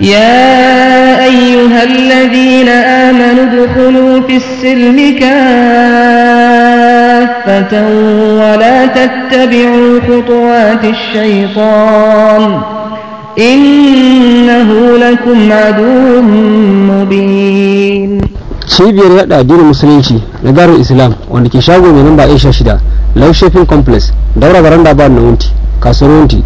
يا أيها الذين آمنوا ادخلوا في السلم كافة ولا تتبعوا خطوات الشيطان إنه لكم عدو مبين cibiyar yada addinin musulunci na darul islam wanda ke shago mai namba aisha shida low shopping complex daura baranda ba na wunti kasuwar wunti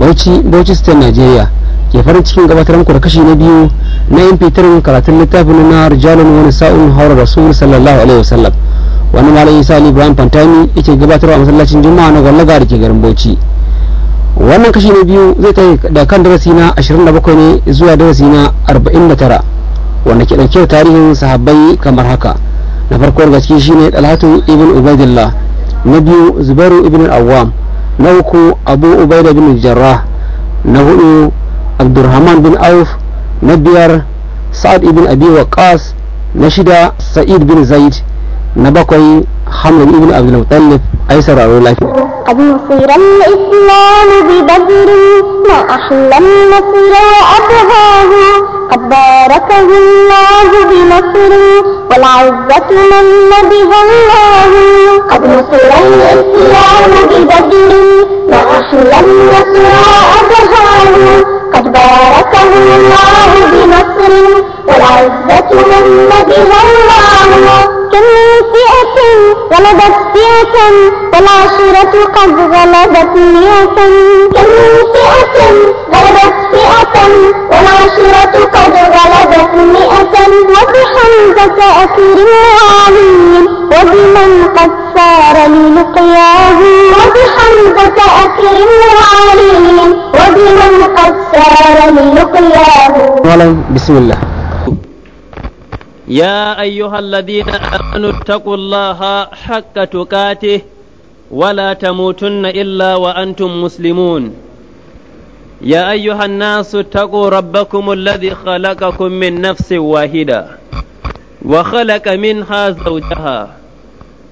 bauchi bauchi state nigeria ke farin cikin gabatar muku da kashi na biyu na yin fitarin karatun littafin na rijalun wani sa'un haura su sallallahu alaihi wasallam wani malam isa ali ibrahim fantami yake gabatar a masallacin juma'a na gwallaga da ke garin bauchi wannan kashi na biyu zai ta da kan darasi na 27 ne zuwa darasi na arba'in 49 wanda ke ɗauke da tarihin sahabbai kamar haka na farko daga ciki shine dalhatu ibn ubaidillah na biyu zubairu ibn awwam na uku abu ubaida bin jarrah na hudu عبد الرحمن بن عوف نبيار سعد بن أبي وقاص نشدا سعيد بن زيد نبقي حمد بن عبد المطلب أيسر أولو لافيا قد نصر الإسلام ببدر ما أحلى النصر وأبهاه قد باركه الله بنصره والعزة من بها الله قد نصر الإسلام ببدر ما أحلى النصر وأبهاه باركه الله بنصر وعزة من نبه الله كم من فئة ولدت فئة والعشرة قد غلبت مئة كم من فئة غلبت فئة والعشرة قد غلبت مئة وبحمزة أسير العالمين وبمن قد الأبرار لنقياه وبحمزة أكرموا عليهم وبمن قد سار لنقياه بسم الله يا أيها الذين آمنوا اتقوا الله حق تقاته ولا تموتن إلا وأنتم مسلمون يا أيها الناس اتقوا ربكم الذي خلقكم من نفس واحدة وخلق منها زوجها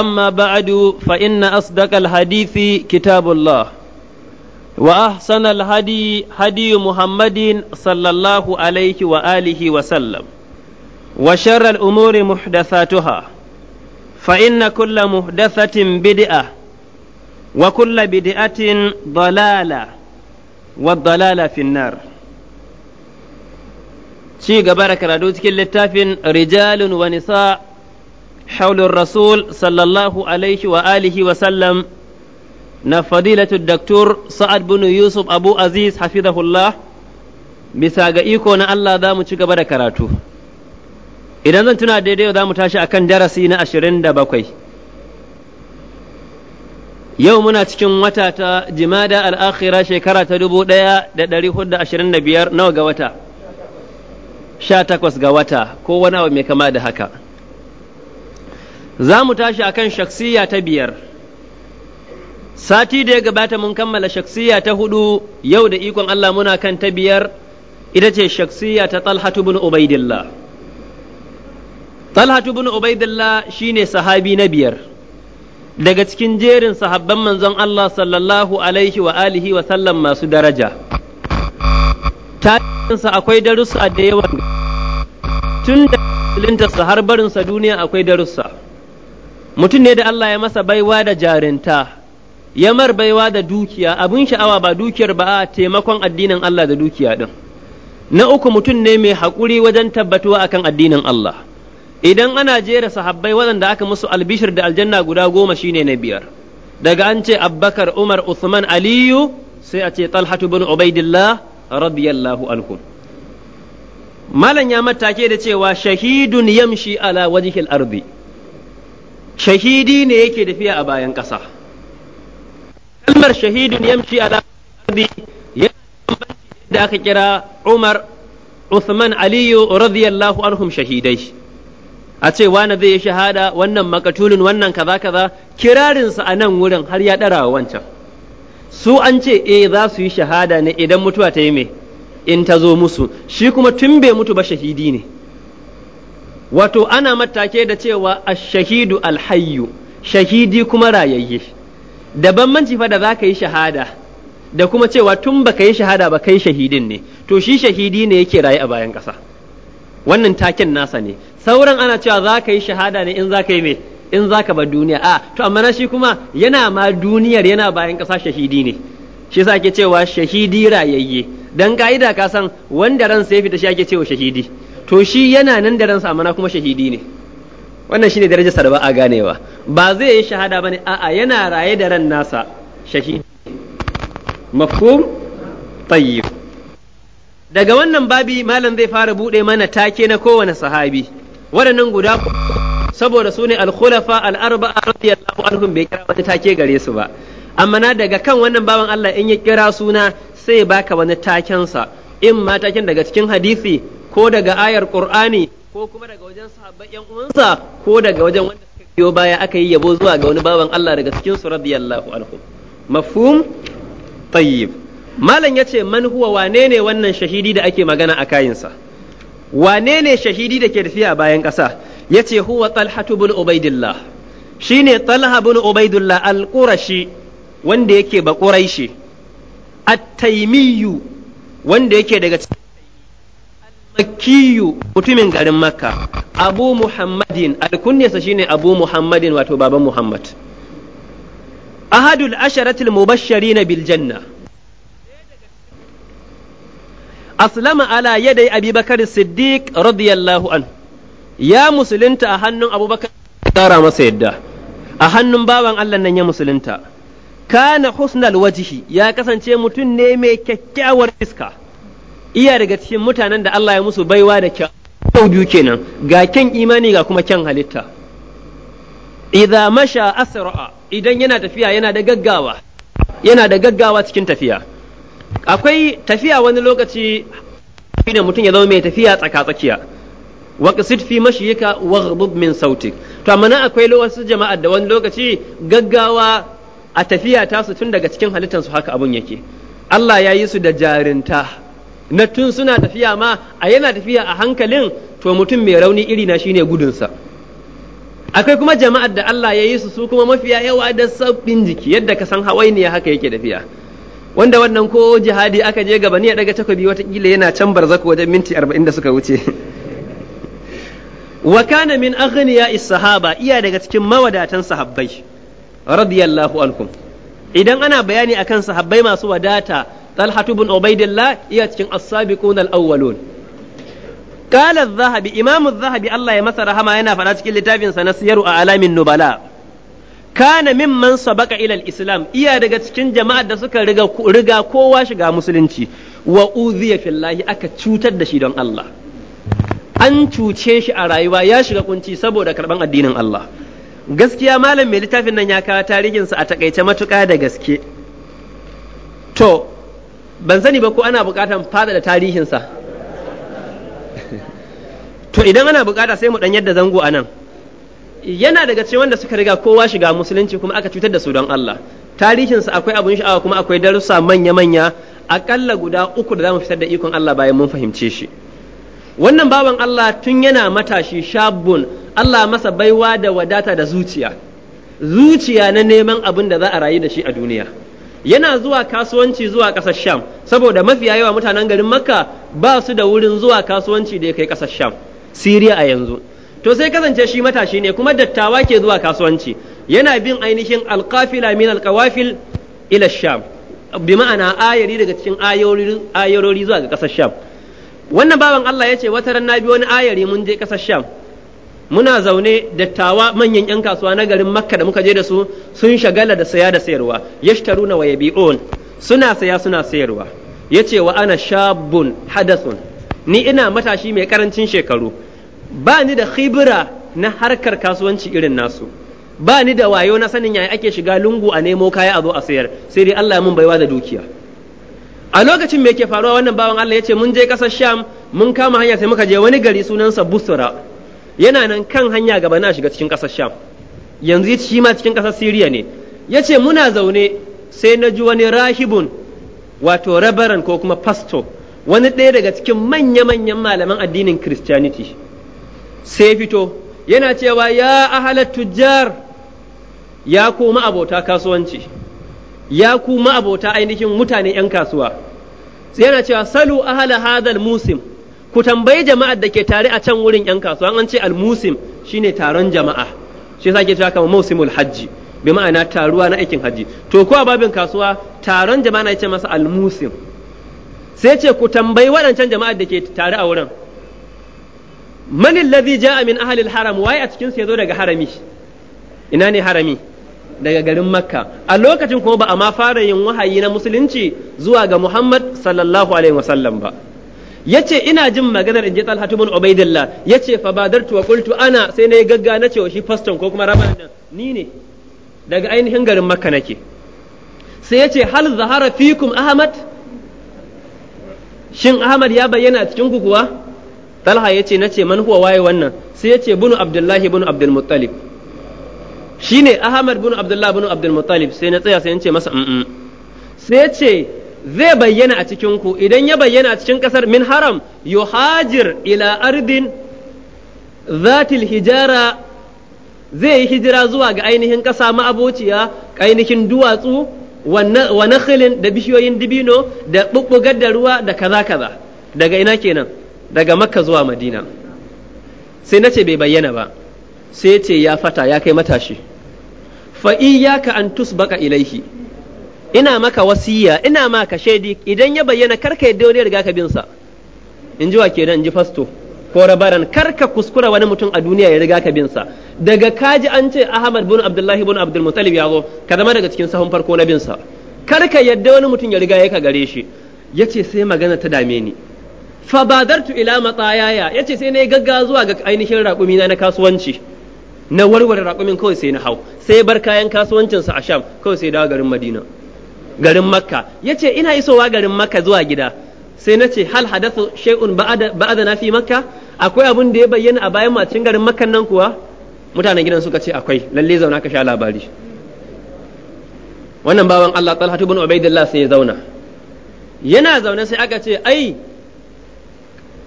أما بعد فإن أصدق الحديث كتاب الله وأحسن الهدي هدي محمد صلى الله عليه وآله وسلم وشر الأمور محدثاتها فإن كل محدثة بدعة وكل بدعة ضلالة والضلالة في النار شيء بارك الله cikin littafin rijalun wa nisa' حول الرسول صلى الله عليه وآله وسلم نفضيلة الدكتور سعد بن يوسف أبو عزيز حفظه الله bisa ga iko na Allah za mu ci gaba da karatu idan zan tuna daidai za mu tashi kan darasi na ashirin da bakwai yau muna cikin wata ta jimada al'akhira shekara ta dubu ɗaya da ɗari hudu ashirin da biyar nawa ga wata sha takwas ga wata ko wani abu mai kama da haka za mu tashi a kan shaksiya ta biyar sati da ya gabata mun kammala shaksiya ta hudu yau da ikon Allah muna kan ta biyar ita ce shaksiya ta talhatu bin ubaidillah talhatu bin ubaidillah shine sahabi na biyar daga cikin jerin sahabban manzon Allah sallallahu alaihi wa alihi wa sallam masu daraja tarihinsa akwai darussa da yawa tun da har barinsa duniya akwai darussa mutum ne da Allah ya masa baiwa da jarinta ya mar baiwa da dukiya abin sha'awa ba dukiyar ba a taimakon addinin Allah da dukiya din na uku mutum ne mai haƙuri wajen tabbatuwa akan addinin Allah idan ana jera sahabbai waɗanda aka musu albishir da aljanna guda goma shine na biyar daga an ce abbakar umar usman aliyu sai a ce talhatu bin ubaidillah radiyallahu anhu malam ya matake da cewa shahidun yamshi ala wajhil ardi shahidi ne yake tafiya a bayan ƙasa kalmar shahidun yamshi ala ardi da aka kira Umar Uthman Aliyu radiyallahu anhum shahidai a ce wani zai yi shahada wannan makatulun wannan kaza kaza kirarinsa a nan wurin har ya ɗara wancan su an ce eh za su yi shahada ne idan mutuwa ta yi me in ta zo musu shi kuma tun bai mutu ba shahidi ne wato ana matake da cewa ash-shahidu al shahidi kuma rayayye da bambanci fa da zaka yi shahada da kuma cewa tun baka yi shahada ba kai shahidin ne to shi shahidi ne yake raye a bayan ƙasa wannan taken nasa ne sauran ana cewa za yi shahada ne in zaka ka yi me in za ka bar duniya a to amma na shi kuma yana ma duniyar yana bayan ƙasa shahidi ne shi yasa ake cewa shahidi rayayye dan ka'ida ka san wanda ran sai fita shi ake cewa shahidi to shi yana nan da ransa amana kuma shahidi ne wannan shine darajarsa da ba a ganewa ba zai yi shahada bane a'a yana raye da ran nasa shahidi mafhum tayyib daga wannan babi malam zai fara bude mana take na kowane sahabi Wadannan guda saboda su ne al-khulafa al-arba'a radiyallahu anhum bai kira wani take gare su ba amma na daga kan wannan baban Allah in ya kira suna sai baka wani takensa in ma taken daga cikin hadisi ko daga ayar ƙur'ani ko kuma daga wajen sahabban yan uwansa ko daga wajen wanda suka biyo baya aka yi yabo zuwa ga wani baban Allah daga cikin su radiyallahu anhu mafhum tayyib malam yace man huwa wane ne wannan shahidi da ake magana a kayinsa wane ne shahidi da ke tafiya bayan ƙasa yace huwa talhatu bin ubaidillah shine talha bin ubaidillah al-qurashi wanda yake ba quraishi at-taymiyyu wanda yake daga cikin makiyu mutumin garin makka abu muhammadin alkunyarsa shine abu muhammadin wato baban muhammad ahadul asharatul mubashshari bil janna aslama ala yadai abubakar siddiq radiyallahu an ya musulunta a hannun abubakar tsara masa yadda a hannun bawan allah nan ya musulunta kana husnal wajihi ya kasance mutum ne mai kyakkyawar iska iya daga cikin mutanen da Allah ya musu baiwa da kyau biyu kenan ga kyan imani ga kuma kyan halitta idza masha asra idan yana tafiya yana da gaggawa yana da gaggawa cikin tafiya akwai tafiya wani lokaci da mutum ya zama mai tafiya tsaka-tsakiya waqsid fi mashyika waghdud min sautik to amma nan akwai wasu jama'a da wani lokaci gaggawa a tafiya tasu tun daga cikin halittansu haka abun yake Allah ya yi su da jarinta na tun suna tafiya ma a yana tafiya a hankalin to mutum mai rauni iri na shine gudunsa akwai kuma jama'ar da Allah ya yi su su kuma mafiya yawa da sabbin jiki yadda ka san hawainiya haka yake tafiya wanda wannan ko jihadi aka je gaba ne ya daga takobi watakila yana can barzaku wajen minti arba'in da suka wuce wa kana min aghniya sahaba iya daga cikin mawadatan sahabbai radiyallahu ankum idan ana bayani akan sahabbai masu wadata talha ibn ubaidillah iya cikin as-sabiqun al-awwalun qala az-zahabi imam az-zahabi Allah ya masa rahama yana fada cikin littafin sa na siyaru a alamin nubala kana mimman sabaka ila al-islam iya daga cikin jama'ar da suka riga riga kowa shiga musulunci wa udhiya fillahi aka cutar da shi don Allah an cuce shi a rayuwa ya shiga kunci saboda karban addinin Allah gaskiya malam mai littafin nan ya kawo tarihinsa a takaice matuƙa da gaske to ban sani ba ko ana bukatan da tarihinsa to idan ana bukata sai mu ɗan yadda zango a nan yana daga cikin wanda suka riga kowa shiga musulunci kuma aka cutar da su don Allah tarihinsa akwai abun sha'awa kuma akwai darussa manya-manya akalla guda uku da zamu fitar da ikon Allah bayan mun fahimce shi wannan baban Allah tun yana matashi shabun Allah masa baiwa da wadata da zuciya zuciya na neman abin da za a rayu da shi a duniya yana zuwa kasuwanci zuwa ƙasar sham saboda mafiya yawa mutanen garin makka ba su da wurin zuwa kasuwanci da ya kai ƙasar sham siriya a yanzu to sai kasance shi matashi ne kuma dattawa ke zuwa kasuwanci yana bin ainihin alƙafila min alƙawafil ila sham bi ma'ana ayari daga cikin ayarori zuwa ga ƙasar sham wannan baban Allah ya ce wata ran na bi wani ayari mun je ƙasar sham muna zaune dattawa manyan 'yan kasuwa na garin makka da muka je da su sun shagala da saya da sayarwa yashtaruna wa yabi'un suna saya suna sayarwa yace wa ana shabun hadasun ni ina matashi mai karancin shekaru ba ni da khibra na harkar kasuwanci irin nasu ba ni da wayo na sanin yaya ake shiga lungu a nemo kaya a zo a sayar sai dai Allah mun baiwa da dukiya a lokacin me yake faruwa wannan bawan Allah yace mun je kasar Sham mun kama hanya sai muka je wani gari sunansa Busra yana nan kan hanya gaba na shiga cikin ƙasar sham yanzu shi ma cikin ƙasar siriya ne ya ce muna zaune sai na ji wani rahibun wato rabaran ko kuma pasto wani ɗaya daga cikin manya-manyan malaman addinin christianity sai fito yana cewa ya ahalar tujjar ya kuma abota kasuwanci ya kuma abota ainihin mutane 'yan kasuwa yana cewa salu ahala hadal musim ku tambayi jama'ar da ke tare a can wurin yan kasuwa an ce almusim shine taron jama'a shi yasa ke cewa kamar mausimul hajji bi ma'ana taruwa na aikin hajji to ko a babin kasuwa taron jama'a na ce masa almusim sai ce ku tambayi waɗancan jama'ar da ke tare a wurin man allazi ja'a min ahli haram waye a cikin su yazo daga harami ina ne harami daga garin makka a lokacin kuma ba a ma fara yin wahayi na musulunci zuwa ga muhammad sallallahu alaihi wasallam ba yace ina jin maganar inji Talha ibn Ubaidillah yace fa badartu wa qultu ana sai nayi gagga na cewa shi faston ko kuma rabanin nan ni ne daga ainihin garin Makka nake sai yace hal zahara fikum Ahmad shin Ahmad ya bayyana cikin ku kuwa Talha yace nace man huwa waye wannan sai yace bunu Abdullahi bunu Abdul Muttalib shine Ahmad bunu Abdullahi bunu Abdul Muttalib sai na tsaya sai nace masa sai yace zai bayyana a cikin ku idan ya bayyana a cikin kasar min haram yuhajir ila ardin zatil hijara zai yi hijira zuwa ga ainihin kasa ma'abociya ainihin duwatsu wa nakhilin da bishiyoyin dibino da bubbugar da ruwa da kaza kaza daga ina kenan daga makka zuwa madina sai nace bai bayyana ba sai ce ya fata ya kai matashi fa iyyaka an tusbaka ilaihi ina maka wasiya ina maka shaidi idan ya bayyana karka yadda wani riga ka bin sa in ji wa kenan ji fasto ko rabaran karka kuskura wani mutum a duniya ya riga ka bin sa daga kaji an ce Ahmad bin Abdullahi bin Abdul mutalib ya zo ka zama daga cikin sahun farko na bin sa karka yadda wani mutum ya riga ya ka gare shi yace sai magana ta dame ni fa badartu ila matsayaya yace sai na gaggawa zuwa ga ainihin raƙumi na na kasuwanci na warware raƙumin kawai sai na hau sai bar kayan kasuwancinsa a sham kawai sai dawo garin madina garin makka ya ce ina isowa garin makka zuwa gida sai na ce hal hadathu shay'un ba'ada na fi makka akwai abun da ya bayyana a bayan macin garin makkan nan kuwa mutanen gidan suka ce akwai lalle zauna ka sha labari wannan bawan Allah Talha ibn Ubaidillah sai ya zauna yana zaune sai aka ce ai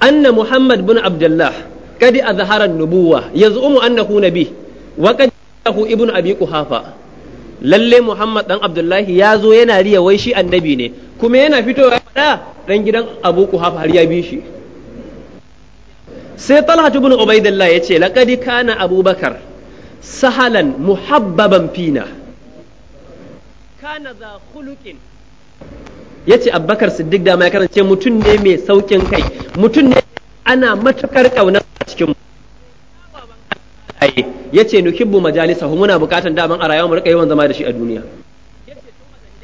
anna Muhammad bin Abdullah kadi azhara an-nubuwa yaz'umu annahu nabi wa kadi ibn Abi Quhafa lalle Muhammad dan Abdullahi ya zo yana riya wai shi annabi ne kuma yana fito ya faɗa dan gidan Abu Quhafa har ya bi shi sai Talha ibn Ubaidillah yace laqad kana Abubakar sahalan muhabbaban fina kana za khuluqin yace Abubakar Siddiq da ma ya karance mutum ne mai saukin kai mutum ne ana matukar kauna a cikin mu yace nuhibbu majalisahu muna bukatan daman a rayuwa mu rika yawan zama da shi a duniya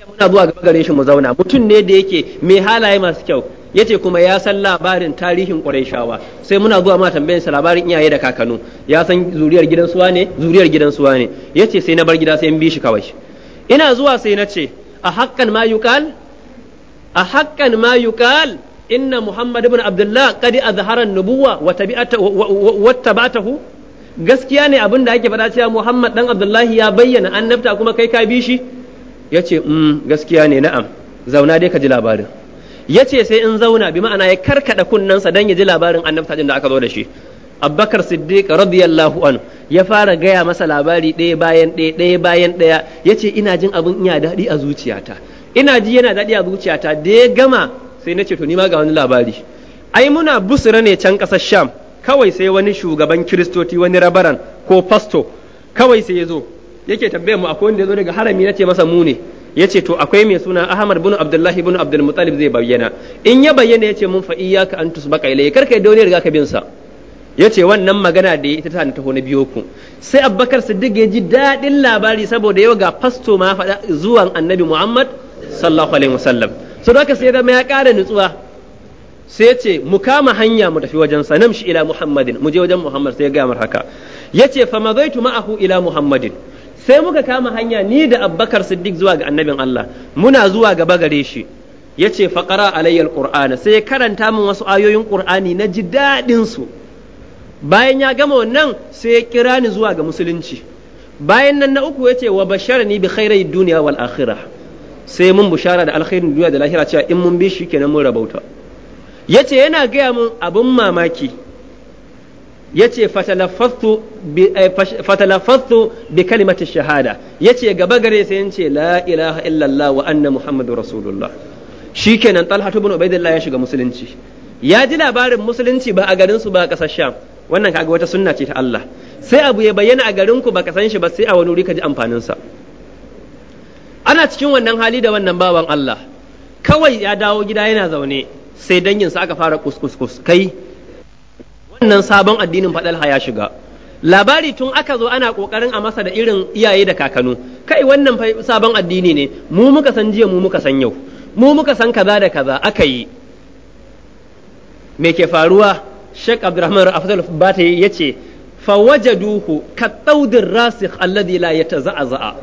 muna zuwa gaba gare shi mu zauna mutum ne da yake mai halaye masu kyau yace kuma ya san labarin tarihin Qurayshawa sai muna zuwa ma tambayin sa labarin iyaye da kakanu ya san zuriyar gidan su wane, zuriyar gidan su wane. yace sai na bar gida sai in bi shi kawai ina zuwa sai na ce a haƙƙan ma yuqal a haƙƙan ma yuqal inna muhammad ibn abdullah qad azhara an-nubuwa wa tabi'ata gaskiya ne abin da ake faɗa cewa Muhammad dan Abdullahi ya bayyana annabta kuma kai ka bi shi yace mm gaskiya ne na'am zauna dai ka ji labarin yace sai in zauna bi ma'ana ya karkada sa dan ya ji labarin annabta din da aka zo da shi Abubakar Siddiq radiyallahu anhu ya fara gaya masa labari ɗaya bayan ɗaya ɗaya bayan ɗaya yace ina jin abin ina daɗi a zuciyata ina ji yana daɗi a zuciyata da ya gama sai na ce to ni ma ga wani labari ai muna busra ne can ƙasar Sham kawai sai wani shugaban kiristoci wani rabaran ko fasto kawai sai ya zo yake tambayar mu akwai wanda ya zo daga harami na ce masa mu ne ya ce to akwai mai suna ahmad bin abdullahi bin abdulmutalib zai bayyana in ya bayyana ya ce mun fa ya an tusbaka ilayhi karka yadda wani riga ka bin sa ya ce wannan magana da ya ita ta taho na biyo ku sai abubakar siddiq ya ji daɗin labari saboda yau ga fasto ma faɗa zuwan annabi muhammad sallallahu alaihi wasallam da haka sai zama ya ƙara nutsuwa sai ce mu kama hanya mu tafi wajen sa namshi ila muhammadin mu je wajen muhammad sai ya gaya haka yace fa mazaitu ma'ahu ila muhammadin sai muka kama hanya ni da abbakar siddiq zuwa ga annabin allah muna zuwa gaba gare shi yace fa qara alayya alquran sai ya karanta min wasu ayoyin qur'ani na ji dadin su bayan ya gama wannan sai ya kira ni zuwa ga musulunci bayan nan na uku yace wa basharani bi khairi duniya wal akhirah sai mun bushara da alkhairin duniya da lahira cewa in mun bi shi kenan mun rabauta ya ce yana gaya mun abin mamaki ya ce fatalafastu bi eh, kalimatin shahada ya ce gaba gare sai yin ce la ilaha illallah wa anna muhammadu rasulullah shi kenan talhatu bin ubaidillah ya shiga musulunci ya ji labarin musulunci ba a garinsu ba a ƙasar sham wannan kaga wata sunna ce ta Allah sai abu ya bayyana a garin ku baka san shi ba sai a wani wuri ka ji amfanin sa ana cikin wannan hali da wannan bawan Allah kawai ya dawo gida yana zaune sai danginsa aka fara kuskus kai wannan sabon addinin faɗalha ya shiga labari tun aka zo ana kokarin a masa da irin iyaye da kakanu kai wannan sabon addini ne mu muka san jiya mu muka san yau mu muka san kaza da kaza aka yi me ke faruwa Sheikh Abdulrahman Afdal Bate ya ce fawajaduhu ka rasikh alladhi la yataza'a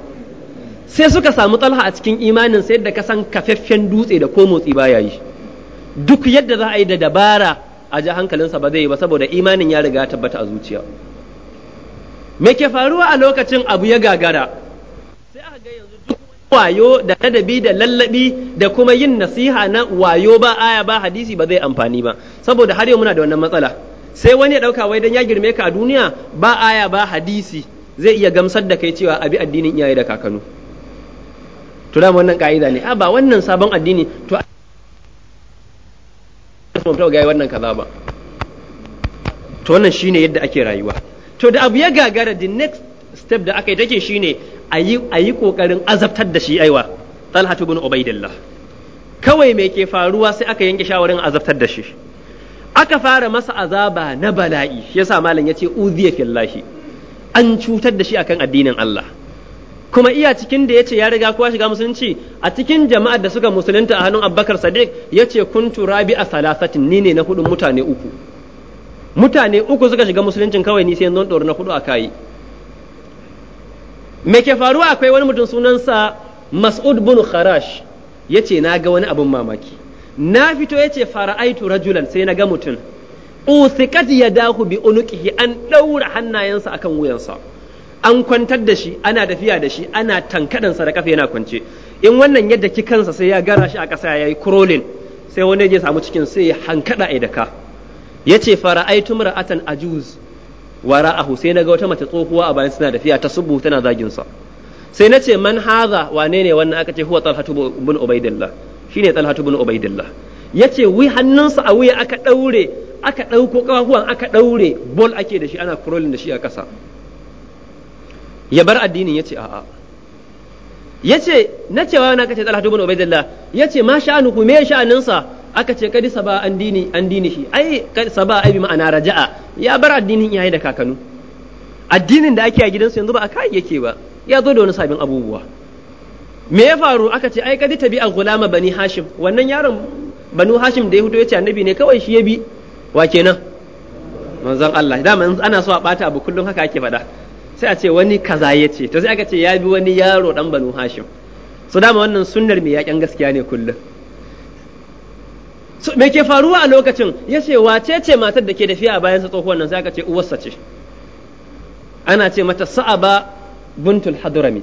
sai suka samu talha a cikin imanin sai da ka san kafaffen dutse da ko motsi baya yi duk yadda za a yi da dabara a ji hankalinsa ba zai yi ba saboda imanin ya riga tabbata a zuciya me ke faruwa a lokacin abu ya gagara sai aka ga yanzu duk wayo da ladabi da lallabi da kuma yin nasiha na wayo ba aya ba hadisi ba zai amfani ba saboda har yau muna da wannan matsala sai wani ya dauka wai dan ya girme ka a duniya ba aya ba hadisi zai iya gamsar da kai cewa abi addinin iyaye da kakanu to da wannan ka'ida ne a ba wannan sabon addini to sama ta ga wannan kaza ba to wannan shine yadda ake rayuwa to da abu ya gagara the next step da aka yi take shine a yi kokarin azabtar da shi aiwa Talha ibn Ubaidillah kawai me ke faruwa sai aka yanke shawarin azabtar da shi aka fara masa azaba na bala'i yasa malam yace uziya fillahi an cutar da shi akan addinin Allah kuma iya cikin da yace ya riga kowa shiga musulunci a cikin jama'ar da suka musulunta a hannun Abubakar Sadiq yace kuntu rabi a salasatin ni ne na hudu mutane uku mutane uku suka shiga musuluncin kawai ni sai yanzu ɗori na hudu a kayi me ke faruwa akwai wani mutum sunansa Mas'ud bin Kharash yace na ga wani abin mamaki na fito yace fara'aitu rajulan sai na ga mutum usikat yadahu bi unuqihi an daura hannayensa akan wuyansa an kwantar da shi ana tafiya da shi ana tankadan sa da kafa yana kwance in wannan yadda ki kansa sai ya gara shi a ƙasa ya yi crawling sai wani ya samu cikin sai ya hankada ai da ka yace fara'aitu mar'atan ajuz wa ra'ahu sai naga wata mace tsohuwa a bayan suna tafiya ta subu tana zaginsa. sa sai nace man hadha wane ne wannan aka ce huwa talhatu bin ubaidillah shine talhatu bin ubaidillah yace wi hannunsa a wuya aka daure aka dauko kafafuwan aka daure bol ake da shi ana crawling da shi a ƙasa ya bar addinin ya ce a'a ya ce na cewa na kace Talha ibn ya ce ma sha'anuhu me sha'anin sa aka ce kadi saba an dini shi ai kadi saba ai bi ma'ana raja'a ya bar addinin iyaye da kakanu addinin da ake a gidansu yanzu ba a kai yake ba ya zo da wani sabin abubuwa me ya faru aka ce ai kadi al gulama bani Hashim wannan yaron banu Hashim da ya fito ce annabi ne kawai shi ya bi wa kenan manzon Allah dama ana so a bata abu kullun haka ake faɗa sai a ce wani kaza ya ce to sai aka ce ya bi wani yaro dan banu hashim so dama wannan sunnar mai yakin gaskiya ne kullum so me ke faruwa a lokacin ya wace ce matar da ke da fiya bayan sa tsohuwar nan sai aka ce uwarsa ce ana ce mata sa'aba buntul hadrami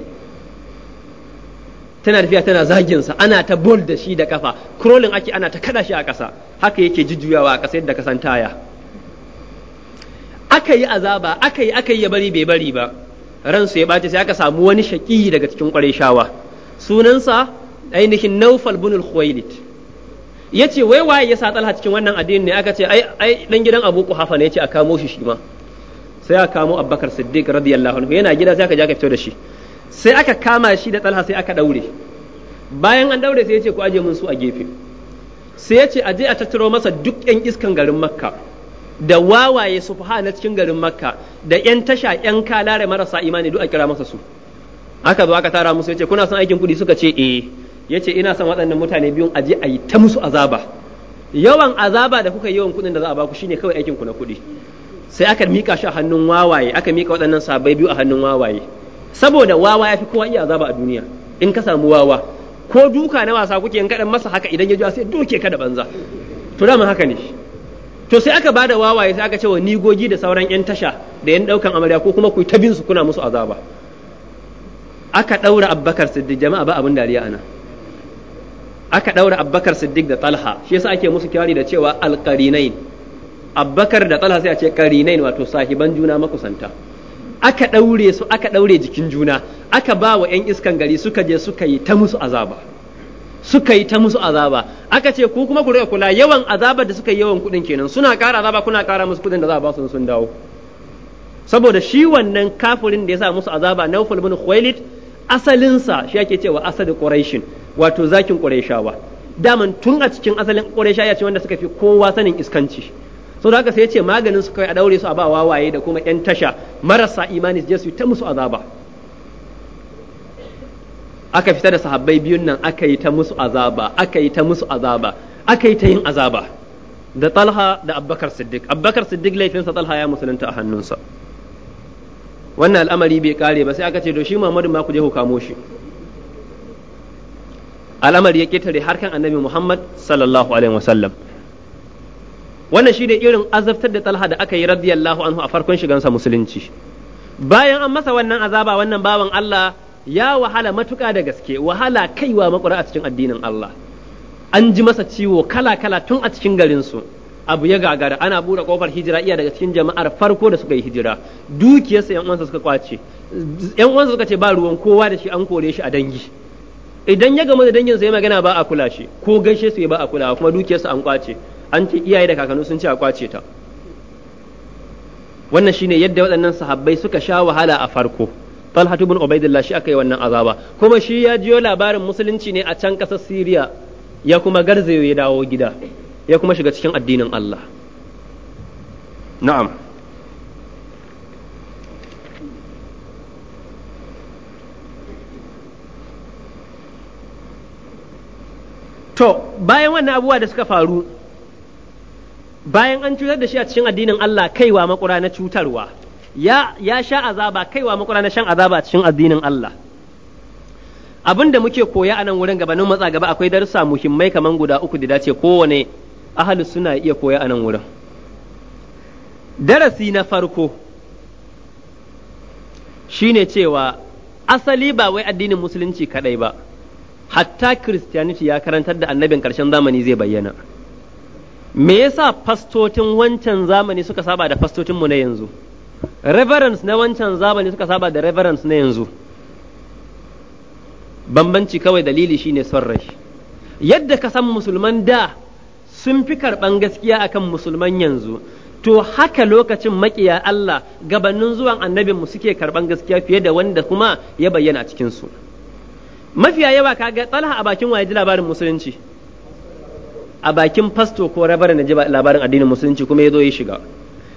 tana tafiya tana zagin sa ana ta bol da shi da kafa crawling ake ana ta kada shi a ƙasa haka yake jujjuyawa a ƙasa yadda kasan taya aka yi azaba aka yi aka yi ya bari bai bari ba ransu ya ɓace sai aka samu wani shaƙi daga cikin ƙwarai shawa sunansa ainihin naufal bin khuwailid ya ce wai waye ya sa talha cikin wannan addini ne aka ce ai ai dan gidan abu Quhafa ne ya ce a kamo shi shi ma sai aka kamo abubakar siddiq radiyallahu anhu yana gida sai aka je aka fito da shi sai aka kama shi da talha sai aka daure bayan an daure sai yace ku aje mun su a gefe sai ya ce aje a tattaro masa duk yan iskan garin makka da wawaye su na cikin garin makka da yan tasha yan kalare marasa imani duk a kira masa su aka zo aka tara musu yace kuna son aikin kuɗi suka ce eh yace ina son waɗannan mutane biyun aje a yi ta musu azaba yawan azaba da kuka yi yawan kuɗin da za a baku shine kawai aikin ku na kuɗi sai aka mika shi a hannun wawaye aka mika waɗannan sabai biyu a hannun wawaye saboda wawa ya fi kowa iya azaba a duniya in ka samu wawa ko duka na wasa kuke in kaɗan masa haka idan ya ji sai doke ka da banza to dama haka ne to sai aka bada wawaye sai aka ce wa nigogi da sauran yan tasha da yan daukan amarya ko kuma ku ta bin su kuna musu azaba aka daura abbakar siddiq jama'a ba abin dariya ana aka daura abbakar siddiq da talha shi yasa ake musu kyari da cewa alqarinain abbakar da talha sai a ce qarinain wato sahiban juna makusanta aka daure su aka daure jikin juna aka ba wa yan iskan gari suka je suka yi ta musu azaba suka yi ta musu azaba aka ce ku kuma ku riga kula yawan azabar da suka yi yawan kuɗin kenan suna ƙara azaba kuna ƙara musu kuɗin da za a ba su sun dawo saboda shi wannan kafirin da ya sa musu azaba na Nawfal bin Khuwailid asalinsa shi ake cewa asad Quraishin wato zakin Da daman tun a cikin asalin ya ce wanda suka fi kowa sanin iskanci sau da haka sai ya ce maganin su kai a daure su a ba wawaye da kuma 'yan tasha marasa imani su je su ta musu azaba aka fita da sahabbai biyun nan aka yi ta musu azaba aka yi ta musu azaba aka yi ta yin azaba da talha da abbakar siddiq abbakar siddiq laifinsa talha ya musulunta a hannunsa wannan al'amari bai kare ba sai aka ce to shi muhammadu ma ku je ku kamo shi al'amari ya ketare harkan annabi muhammad sallallahu alaihi wasallam wannan shi ne irin azabtar da talha da aka yi radiyallahu anhu a farkon shigansa musulunci bayan an masa wannan azaba wannan bawan allah ya wahala matuƙa da gaske wahala kaiwa makwara a cikin addinin Allah an ji masa ciwo kala-kala tun a cikin garinsu abu ya gagara ana buɗe ƙofar hijira iya daga cikin jama'ar farko da suka yi hijira dukiyarsa yan uwansa suka kwace yan uwansa suka ce ba ruwan kowa da shi an kore shi a dangi idan ya gama da dangin sai magana ba a kula shi ko gaishe su ba a kula kuma dukiyarsa an kwace an ce iyaye da kakanni sun ce a kwace ta wannan shine yadda waɗannan sahabbai suka sha wahala a farko Talha ibn Ubaidillah shi aka yi wannan azaba kuma shi ya jiyo labarin musulunci ne a can ƙasar Siriya ya kuma garzayo ya dawo gida ya kuma shiga cikin addinin Allah na'am to bayan wannan abubuwa da suka faru bayan an cutar da shi a cikin addinin Allah kaiwa makura na cutarwa ya sha azaba kaiwa makura na shan azaba a cikin addinin Allah abin da muke koya a nan wurin gaba nan matsa gaba akwai darussa muhimmai kaman guda uku da dace kowane ahalu suna iya koya a nan wurin darasi na farko shine cewa asali ba wai addinin musulunci kadai ba hatta christianity ya karantar da annabin karshen zamani zai bayyana me yasa fastotin wancan zamani suka saba da mu na yanzu reverence na wancan zamani suka saba da reverence na yanzu bambanci kawai dalili shine son rai yadda ka san musulman da sun fi karɓan gaskiya akan musulman yanzu to haka lokacin makiya Allah gabanin zuwan annabinmu suke karɓan gaskiya fiye da wanda kuma ya bayyana cikinsu mafiya yawa ka ga tsalaha a bakin waye ji labarin musulunci a bakin fasto ko rabar na ji labarin addinin musulunci kuma ya zo ya shiga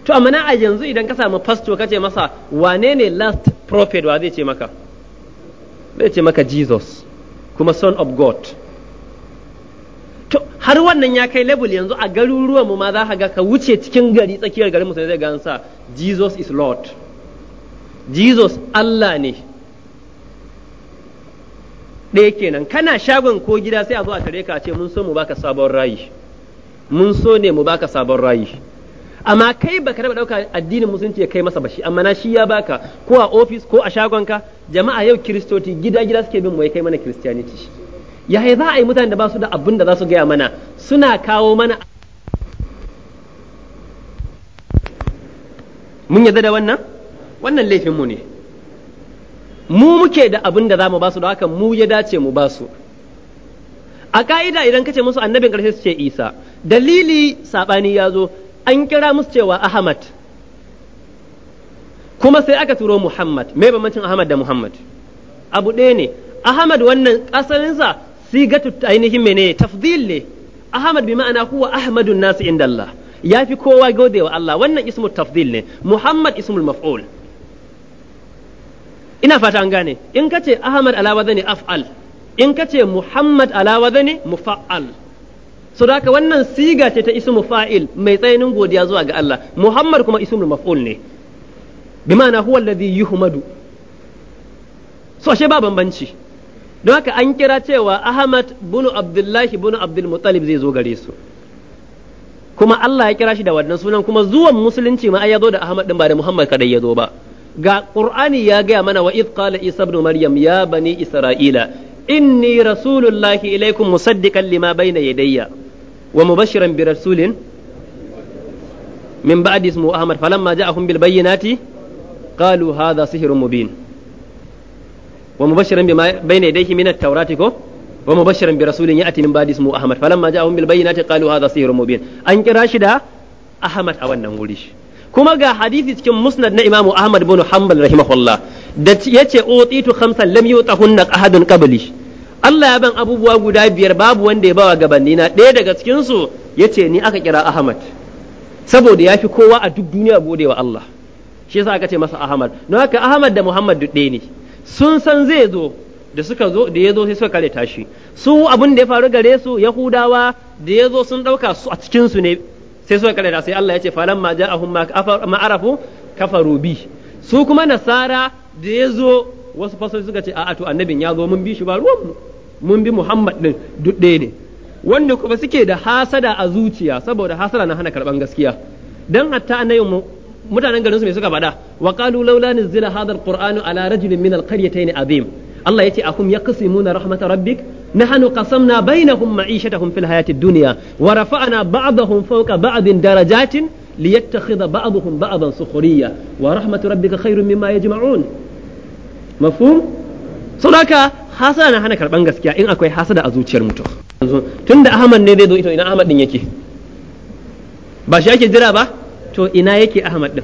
to amma na a yanzu idan ka samu fasto kace masa wane ne last prophet wa zai ce maka zai ce maka Jesus kuma son of God to har wannan ya kai level yanzu a garuruwan mu ma za ka ga ka wuce cikin gari tsakiyar garin mu sai zai gansa, Jesus is Lord Jesus Allah ne ɗaya kenan kana shagon ko gida sai a zo a tare ka ce mun so mu baka sabon rayi mun so ne mu baka sabon rayi amma kai baka raba dauka addinin musulunci ya kai masa bashi amma na shi ya baka ko a ofis ko a shagonka jama'a yau kiristoci gida gida suke bin mu ya kai mana christianity yaya za a yi mutanen da ba su da abin da za su gaya mana suna kawo mana mun yarda da wannan wannan laifin ne mu muke da abin da za mu ba su da haka mu ya dace mu ba su a ka'ida idan ka ce musu annabin karshe su ce isa dalili saɓani ya zo an kira musu cewa Ahmad kuma sai aka turo Muhammad me bambancin Ahmad da Muhammad abu ɗaya ne Ahmad wannan asalinsa sigatu ainihin mene tafdil ne Ahmad bi ma'ana huwa Ahmadun nasu inda Allah ya fi kowa godewa Allah wannan ismu tafdil ne Muhammad ismul maf'ul ina fata an gane in kace Ahmad alawa zane af'al in kace Muhammad alawa zane mufa'al so da haka wannan siga ce ta ismu fa'il mai tsayinin godiya zuwa ga Allah Muhammad kuma ismu maf'ul ne bi ma'ana huwa alladhi yuhmadu so ashe ba bambanci don haka an kira cewa Ahmad bunu Abdullahi bunu Abdul Muttalib zai zo gare su kuma Allah ya kira shi da wannan sunan kuma zuwan musulunci ma ya zo da Ahmad din ba da Muhammad kadai ya zo ba ga Qur'ani ya gaya mana wa iz qala Isa ibn Maryam ya bani Isra'ila inni rasulullahi ilaikum musaddiqan lima bayna yadayya wa mubashiran bi rasulin min ba'di ismu ahmad falamma ja'ahum bil bayyinati qalu hadha sihrun mubin wa mubashiran bima bayna yadayhi min at-taurati ko wa mubashiran bi rasulin ya'ti min ba'di ismu ahmad falamma ja'ahum bil bayyinati qalu an kira shi da ahmad a wannan wuri kuma ga hadisi cikin musnad na imamu ahmad bin hanbal rahimahullah da yace utitu khamsan lam na ahadun qabli Allah ya ban abubuwa guda biyar babu wanda ya bawa gabanni na ɗaya daga cikin su yace ni aka kira ahmad saboda ya fi kowa a duk duniya gode wa Allah shi yasa aka ce masa ahmad don haka ahmad da muhammad duk ɗaya ne sun san zai zo da suka zo da ya sai suka kare tashi su abun da ya faru gare su yahudawa da ya zo sun ɗauka su a cikin su ne sai suka karanta sai Allah ya ce falamma ja'ahum ma arafu kafaru bi su kuma nasara da ya zo wasu fasali suka ce a'a to annabin ya zo mun bi shi ba ruwan mun bi Muhammad din duk ɗaya ne wanda kuma suke da hasada a zuciya saboda hasada na hana karban gaskiya dan hatta annabi mutanen garin su me suka faɗa wa qalu laula nuzila hadha alqur'anu ala rajulin min alqaryatayn azim Allah yace akum yaqsimuna rahmat rabbik نحن قسمنا بينهم معيشتهم في الحياة الدنيا ورفعنا بعضهم فوق بعض درجات ليتخذ بعضهم بعضا سخرية ورحمة ربك خير مما يجمعون مفهوم صدقة hasada na hana karban gaskiya in akwai hasada a zuciyar mutum tun da ahmad ne zai zo ina ahmad din yake ba shi ake jira ba to ina yake ahmad din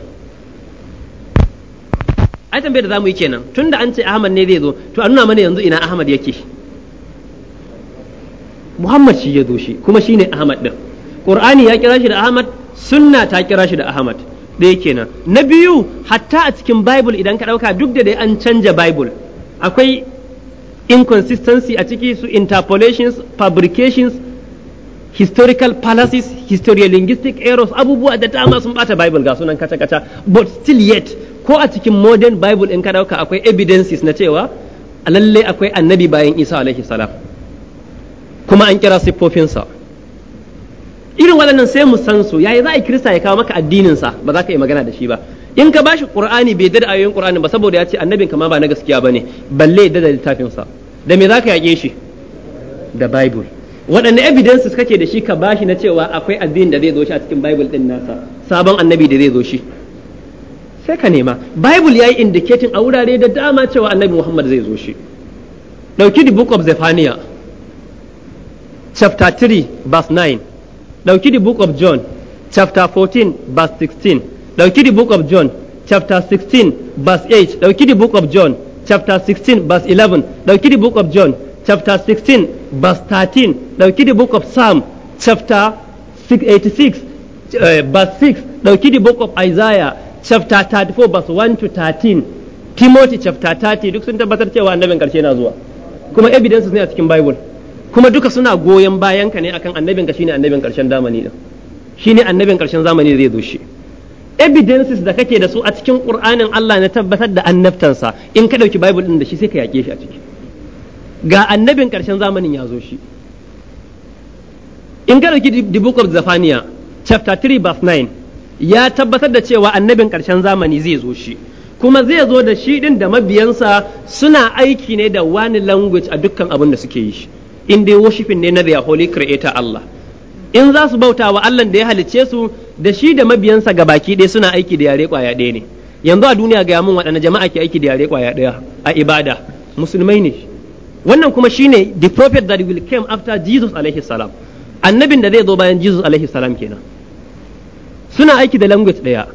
ai tambayar da zamu yi kenan tun da an ce ahmad ne zai zo to a nuna mana yanzu ina ahmad yake Muhammad shi ya zo shi kuma shine Ahmad din Ƙur'ani ya kira shi da Ahmad sunna ta kira shi da Ahmad ɗaya kenan na biyu hatta a cikin Bible idan ka ɗauka duk da dai an canja Bible akwai inconsistency a ciki su interpolations fabrications historical fallacies historiolinguistic errors abubuwa da dama sun bata Bible ga sunan kaca-kaca but still yet ko a cikin modern Bible in ka ɗauka akwai evidences na cewa lallai akwai annabi bayan Isa alaihi salam kuma an kira siffofinsa irin waɗannan sai mu san su yayi za a yi kirista ya kawo maka addininsa ba za ka yi magana da shi ba in ka bashi ƙur'ani bai dada ayoyin qur'ani ba saboda ya ce annabin kama ba na gaskiya bane balle ya dada littafin sa da me za ka yaƙe shi da bible waɗanne evidences kake da shi ka bashi na cewa akwai addinin da zai zo shi a cikin bible din nasa sabon annabi da zai zo shi sai ka nema bible yayi indicating a wurare da dama cewa annabi muhammad zai zo shi dauki the book of zephaniah chapter 3 verse 9 dauki the book of John chapter 14 verse 16 dauki the book of John chapter 16 verse 8 dauki the book of John chapter 16 verse 11 dauki the book of John chapter 16 verse 13 dauki the book of Psalm chapter 86 uh, verse 6 dauki the book of Isaiah chapter 34 verse 1 to 13 Timothy chapter 30 duk sun tabbatar cewa annabin karshe na zuwa kuma evidence ne a cikin Bible kuma duka suna goyon bayan ka ne akan annabin ka shine annabin karshen zamani din shine annabin karshen zamani zai zo shi evidences da kake da su a cikin qur'anin Allah na tabbatar da annabtansa in ka dauki bible din da shi sai ka yake shi a ciki ga annabin karshen zamanin ya zo shi in ka dauki the book of zephaniah chapter 3 verse 9 ya tabbatar da cewa annabin karshen zamani zai zo shi kuma zai zo da shi din da mabiyansa suna aiki ne da wani language a dukkan abin da suke yi shi in dai worshipin ne na the holy creator Allah in za su bauta wa Allah da ya halicce su da shi da mabiyansa ga baki ɗaya suna aiki da yare kwaya ɗaya ne yanzu a duniya ga mun waɗanne jama'a ke aiki da yare kwaya ɗaya a ibada musulmai ne wannan kuma shine the prophet that will come after Jesus alaihi salam annabin da zai zo bayan Jesus alaihi salam kenan suna aiki da language ɗaya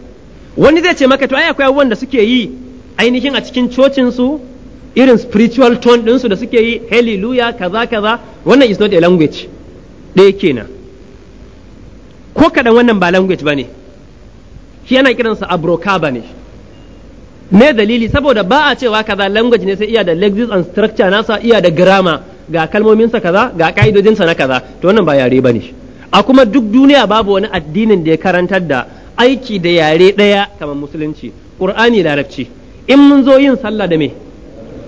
wani zai ce maka to ai akwai abubuwan da suke yi ainihin a cikin cocin su irin spiritual tone ɗinsu da suke yi hallelujah kaza kaza wannan is not a language ɗaya kenan ko kaɗan wannan ba language ba ne shi yana kiransa abroka ba ne me dalili saboda ba a cewa kaza language ne sai iya da lexics and structure nasa iya da grammar ga kalmominsa kaza ga ka'idojinsa na kaza to wannan ba yare ba ne a kuma duk duniya babu wani addinin da ya karantar da aiki da yare ɗaya kamar musulunci ƙur'ani larabci in mun zo yin sallah da me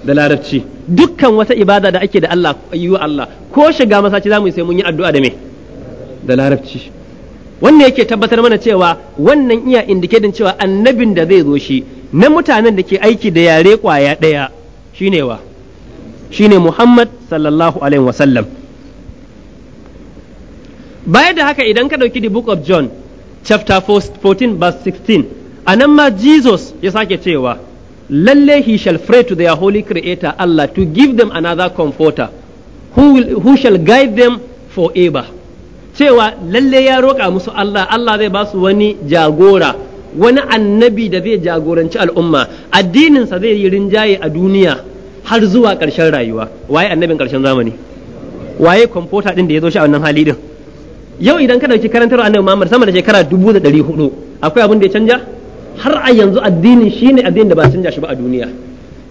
da larabci dukkan wata ibada da ake da Allah yi wa Allah ko shiga masaci zamu sai mun yi addu'a da me da larabci wannan yake tabbatar mana cewa wannan iya indikedin cewa annabin da zai zo shi na mutanen da ke aiki da yare kwaya ɗaya shine wa shine Muhammad sallallahu alaihi wasallam baya da haka idan ka ɗauki the book of John chapter 14 verse 16 anan ma Jesus ya sake cewa lalle he shall pray to their holy creator Allah to give them another comforter who, will, who shall guide them forever cewa lalle ya roƙa musu Allah Allah zai ba su wani jagora wani annabi da zai jagoranci al'umma addininsa zai yi rinjaye a duniya har zuwa ƙarshen rayuwa waye annabin ƙarshen zamani waye comforter ɗin da ya zo shi a wannan hali din yau idan ka dauki karantar annabi Muhammad sama da shekara dubu da ɗari akwai abin da ya canja har a yanzu addini shine addinin da ba canja shi ba a duniya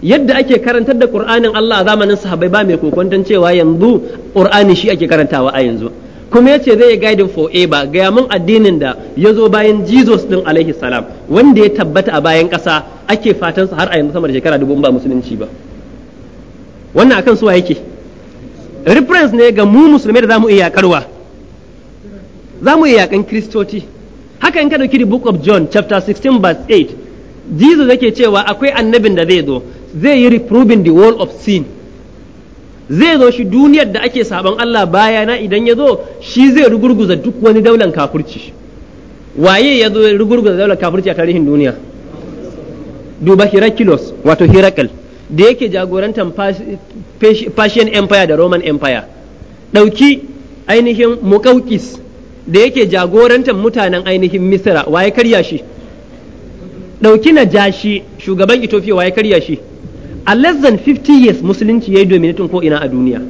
yadda ake karantar da Qur'anin Allah a zamanin sahabbai ba mai kokonton cewa yanzu Qur'ani shi ake karantawa a yanzu kuma yace zai yi guiding for ba gaya mun addinin da ya zo bayan Jesus din alaihi salam wanda ya tabbata a bayan ƙasa ake fatan sa har a yanzu sama da shekara dubu ba musulunci ba wannan akan suwa yake reference ne ga mu musulmai da zamu iya karwa zamu iya yakan kristoci haka in ka dauki the book of John chapter 16 verse 8 Jesus yake cewa akwai annabin da zai zo zai yi reproving the world of sin zai zo shi duniyar da ake saban Allah baya na idan ya zo shi zai rugurguza duk wani daular kafirci waye ya zo rugurguza daular kafirci a tarihin duniya duba Heraclius wato Heracle da yake jagorantar Persian Empire da Roman Empire ɗauki ainihin Mukaukis da yake jagorantar mutanen ainihin misra waye karya shi ɗauki na jashi shugaban Wa ya karya shi a less than 50 years musulunci ya yi dominatin ko ina a duniya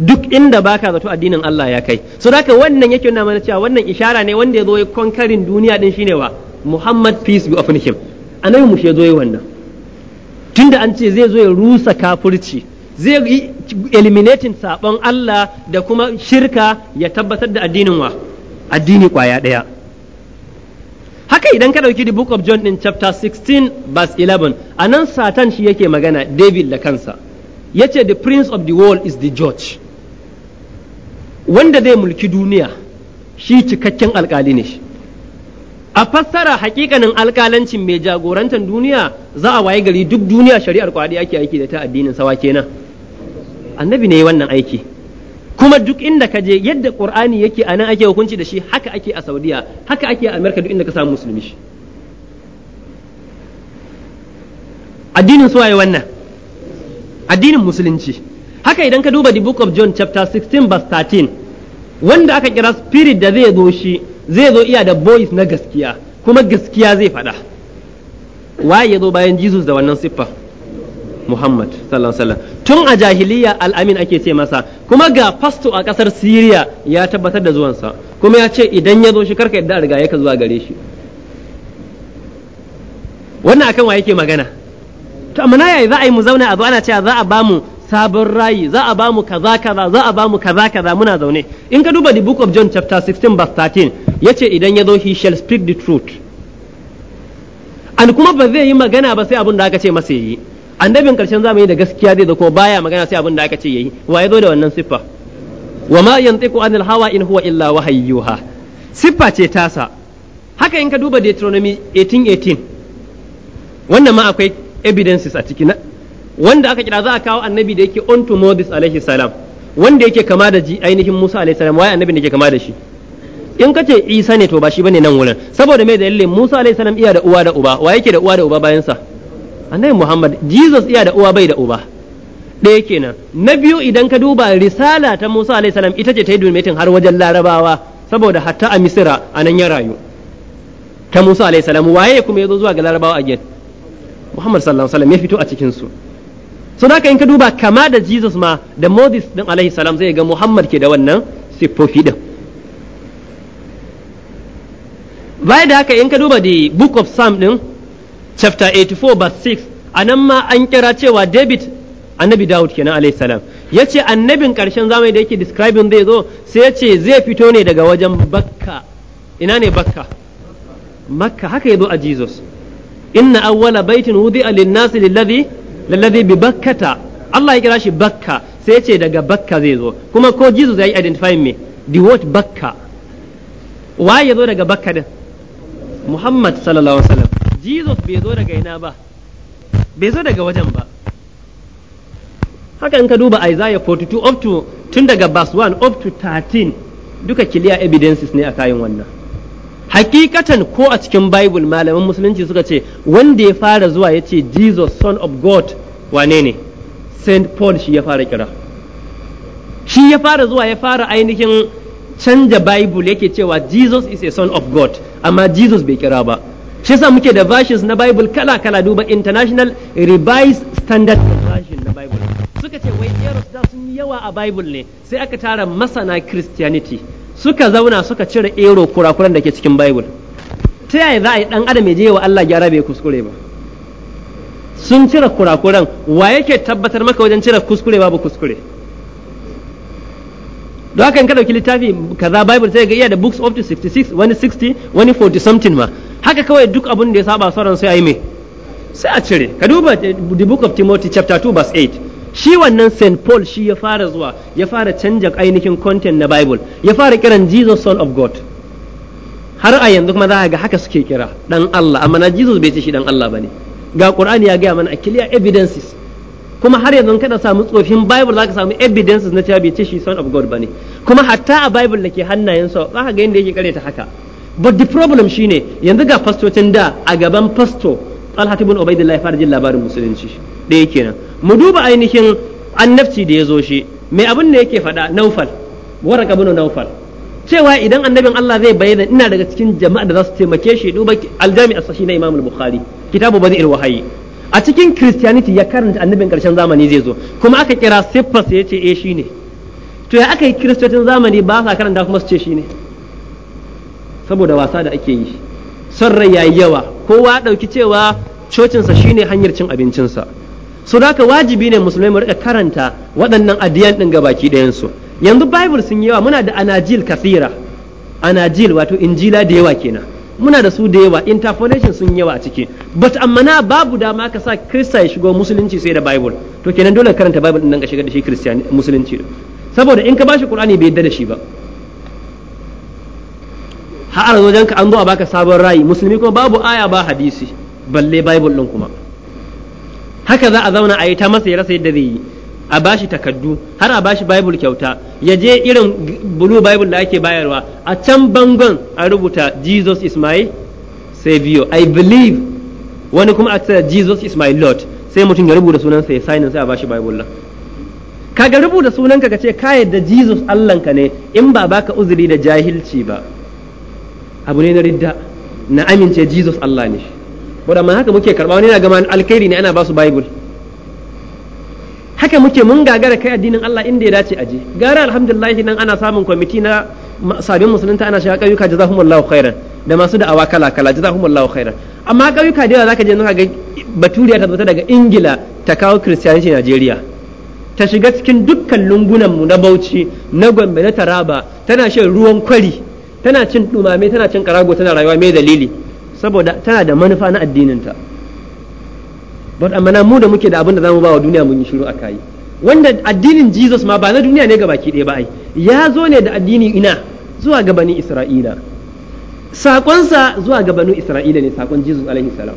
duk inda baka zato addinin Allah ya kai so haka wannan yake nuna mana cewa wannan ishara ne wanda ya zo ya konkarin duniya din shine wa Muhammad peace be upon him annabi mu ya zo yi wannan tunda an ce zai zo ya rusa kafurci. zai yi eliminating sabon Allah da kuma shirka ya tabbatar da addinin wa addini kwaya ɗaya haka idan ka ɗauki the book of John in chapter 16 verse 11 anan satan shi yake magana David da kansa yace the prince of the world is the judge wanda zai mulki duniya shi cikakken alkali ne a fassara hakikanin alkalancin mai jagorantar duniya za a waye gari duk duniya shari'ar kwadi ake aiki da ta addinin sawa kenan annabi ne wannan aiki kuma duk inda ka je yadda qur'ani yake anan ake hukunci da shi haka ake a saudiya haka ake a amerika duk inda ka samu musulmi shi addinin suwaye wannan addinin musulunci haka idan ka duba the book of john chapter 16 verse 13 wanda aka kira spirit da zai zo shi zai zo iya da boys na gaskiya kuma gaskiya zai faɗa waye ya zo bayan jesus da wannan siffa muhammad sallallahu alaihi wasallam tun a jahiliya al'amin ake ce masa kuma ga fasto a ƙasar siriya ya tabbatar da zuwansa kuma ya ce idan ya zo shi karka yadda riga yaka zuwa gare shi wannan akan wa yake magana to amma yayi za a yi mu zauna a zo ana cewa za a ba mu sabon rayi za a ba mu kaza kaza za a ba mu kaza kaza muna zaune in ka duba the book of john chapter 16 verse 13 yace idan ya zo he shall speak the truth an kuma ba zai yi magana ba sai abin da aka ce masa yi annabin karshen zamani da gaskiya zai da kuma baya magana sai abin da aka ce yayi wa ya zo da wannan siffa wa ma yantiqu anil hawa in huwa illa wahayyuha siffa ce tasa haka in ka duba Deuteronomy 18:18 wannan ma akwai evidences a ciki wanda aka kira za a kawo annabi da yake onto Moses alaihi salam wanda yake kama da ji ainihin Musa alaihi salam wai annabi da yake kama da shi in ka ce Isa ne to ba shi bane nan wurin saboda mai dalilin Musa alaihi salam iya da uwa da uba wa yake da uwa da uba bayan sa annabi Muhammad Jesus iya da uwa bai da uba ɗaya kenan na biyu idan ka duba risala ta Musa alaihi salam ita ce ta yi dumetin har wajen larabawa saboda hatta a Misira a nan ya rayu ta Musa alaihi salam waye kuma ya zo zuwa ga larabawa a gen Muhammad sallallahu alaihi ya fito a cikin su so haka in ka duba kama da Jesus ma da Moses din alaihi salam zai ga Muhammad ke da wannan siffofi din baya da haka in ka duba the book of Psalm din chapter 84 verse 6 a nan ma an kira cewa David annabi Dawud kenan alayhi salam yace annabin karshen zamani da yake describing zai zo sai yace zai fito ne daga wajen Bakka ina ne Bakka Makka haka yazo a Jesus inna awwala baitin wudi'a lin-nas lilladhi lilladhi bi Bakkata Allah ya kira shi Bakka sai yace daga Bakka zai zo kuma ko Jesus yayi identifying me the word Bakka ya yazo daga Bakka din Muhammad sallallahu alaihi wasallam jesus bai zo daga ina ba bai zo daga wajen ba haka in ka duba isaiah 42 up to tun daga verse 1 up to 13 duka clear evidences ne a kayan wannan hakikatan ko a cikin bible malaman musulunci suka ce wanda ya fara zuwa ya ce jesus son of god wane ne saint paul shi ya fara kira shi ya fara zuwa ya fara ainihin canja bible yake cewa jesus is a son of god amma jesus bai kira ba shi sa muke da versions na bible kala kala duba international revised standard version na bible suka ce wai eros da sun yi yawa a bible ne sai aka tara masana christianity suka zauna suka cire ero kurakuran da ke cikin bible ta yaya za a yi dan adam ya je wa Allah gyara bai kuskure ba sun cire kurakuran wa yake tabbatar maka wajen cire kuskure babu kuskure don haka in ka dauki littafi kaza bible sai ga iya da books of the 66 wani 60 wani 40 something ma haka kawai duk abin da ya saba sauran sai a yi mai sai a cire ka duba eh, the book of timothy chapter 2 verse 8 shi wannan st paul shi ya fara zuwa ya fara canja ainihin content na bible ya fara kiran jesus son of god har a yanzu kuma za a ga haka suke kira dan allah amma na jesus bai ce shi dan allah bane ga qur'ani ya gaya mana a clear evidences kuma har yanzu kada samu tsofin bible zaka samu evidences na cewa bai ce shi son of god bane kuma hatta a bible da ke hannayen sa za ka ga yanda yake ta haka but the problem shine yanzu ga fastocin da a gaban fasto Talhat ibn Ubaidillah ya fara jin labarin musulunci ɗaya kenan mu duba ainihin annabci da ya zo shi mai abin da yake faɗa Naufal waraka bin Naufal cewa idan annabin Allah zai bayyana ina daga cikin jama'a da za su taimake shi duba aljami as-sahih na Imam bukhari kitabu wahayi a cikin christianity ya karanta annabin karshen zamani zai zo kuma aka kira siffas ya ce eh shine to ya aka yi kiristocin zamani ba sa karanta kuma su ce shine saboda wasa da ake yi son rai yayi yawa kowa ɗauki cewa cocinsa shine hanyar cin abincinsa so haka wajibi ne musulmai mu rika karanta waɗannan adiyan ɗin ga baki ɗayansu yanzu bible sun yawa muna da anajil kasira anajil wato injila da yawa kenan muna da su da yawa interpolation sun yawa a ciki but amma na babu dama ka sa krista ya shigo musulunci sai da bible to kenan dole karanta bible ɗin nan ka shiga da shi musulunci saboda in ka bashi qur'ani bai yadda da shi ba har a wajen an zo a baka sabon rayi musulmi kuma babu aya ba hadisi balle bible din kuma haka za a zauna a yi ta masa ya rasa yadda zai yi a bashi takaddu har a bashi bible kyauta ya je irin blue bible da ake bayarwa a can bangon a rubuta jesus is my savior i believe wani kuma a ce jesus is my lord sai mutum ya rubuta sunan sai sign sai a bashi bible Ka kaga rubuta sunanka ka ce ka yadda jesus allahnka ne in ba baka uzuri da jahilci ba abu ne na ridda na amince Jesus Allah ne bada ma haka muke karba wani na gama alkhairi ne ana ba su bible haka muke mun gagara kai addinin Allah inda ya dace aje gara alhamdulillah nan ana samun kwamiti na sabin musulunta ana shiga ƙauyuka jazakumullahu khairan da masu da awa kala kala jazakumullahu khairan amma ƙauyuka da yawa zaka je nan ga baturiya ta zo daga ingila ta kawo christianity Najeriya ta shiga cikin dukkan lungunan mu na Bauchi na Gombe na Taraba tana shan ruwan kwari tana cin dumame tana cin karago tana rayuwa mai dalili saboda tana da manufa na addininta but amma na mu da muke da abin da zamu ba wa duniya mun yi shiru a kai wanda addinin Jesus ma ba na duniya ne gabaki ɗaya ba ai ya zo ne da addini ina zuwa ga bani Isra'ila sakonsa zuwa ga bani Isra'ila ne sakon Jesus alaihi salam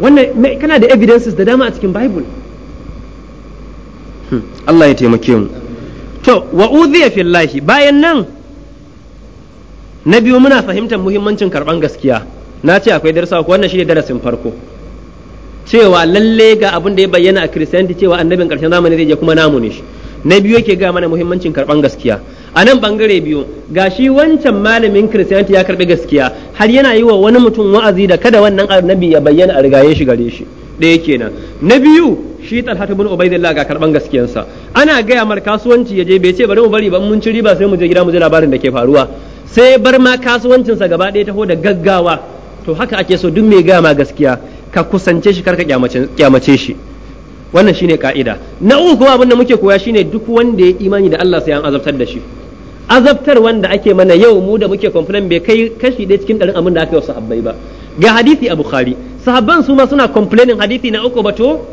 wannan kana da evidences da dama a cikin Bible hmm, Allah ya taimake mu to wa udhiya fillahi bayan nan na biyu muna fahimtar muhimmancin karban gaskiya na ce akwai darsa ko wannan shine darasin farko cewa lalle ga abin da ya bayyana a Christianity cewa annabin karshen zamani zai je kuma namu ne shi na biyu yake ga mana muhimmancin karban gaskiya a nan bangare biyu ga shi wancan malamin Christianity ya karbi gaskiya har yana yi wa wani mutum wa'azi da kada wannan annabi ya bayyana a rigaye shi gare shi ɗaya kenan na biyu shi talhatu bin ubaidillah ga karban gaskiyansa ana gaya mar kasuwanci ya je bai ce bari mu bari ban mun ci riba sai mu je gida mu ji labarin da ke faruwa sai bar ma kasuwancinsa gaba ɗaya taho da gaggawa to haka ake so duk mai gama gaskiya ka kusance shi karka kyamace shi wannan shine ka'ida na uku kuma abin da muke koya shine duk wanda ya imani da Allah sai an azabtar da shi azabtar wanda ake mana yau mu da muke complain bai kai kashi ɗaya cikin ɗarin abin da aka yi wa sahabbai ba ga hadisi a bukhari sahabban su ma suna complaining hadisi na uku bato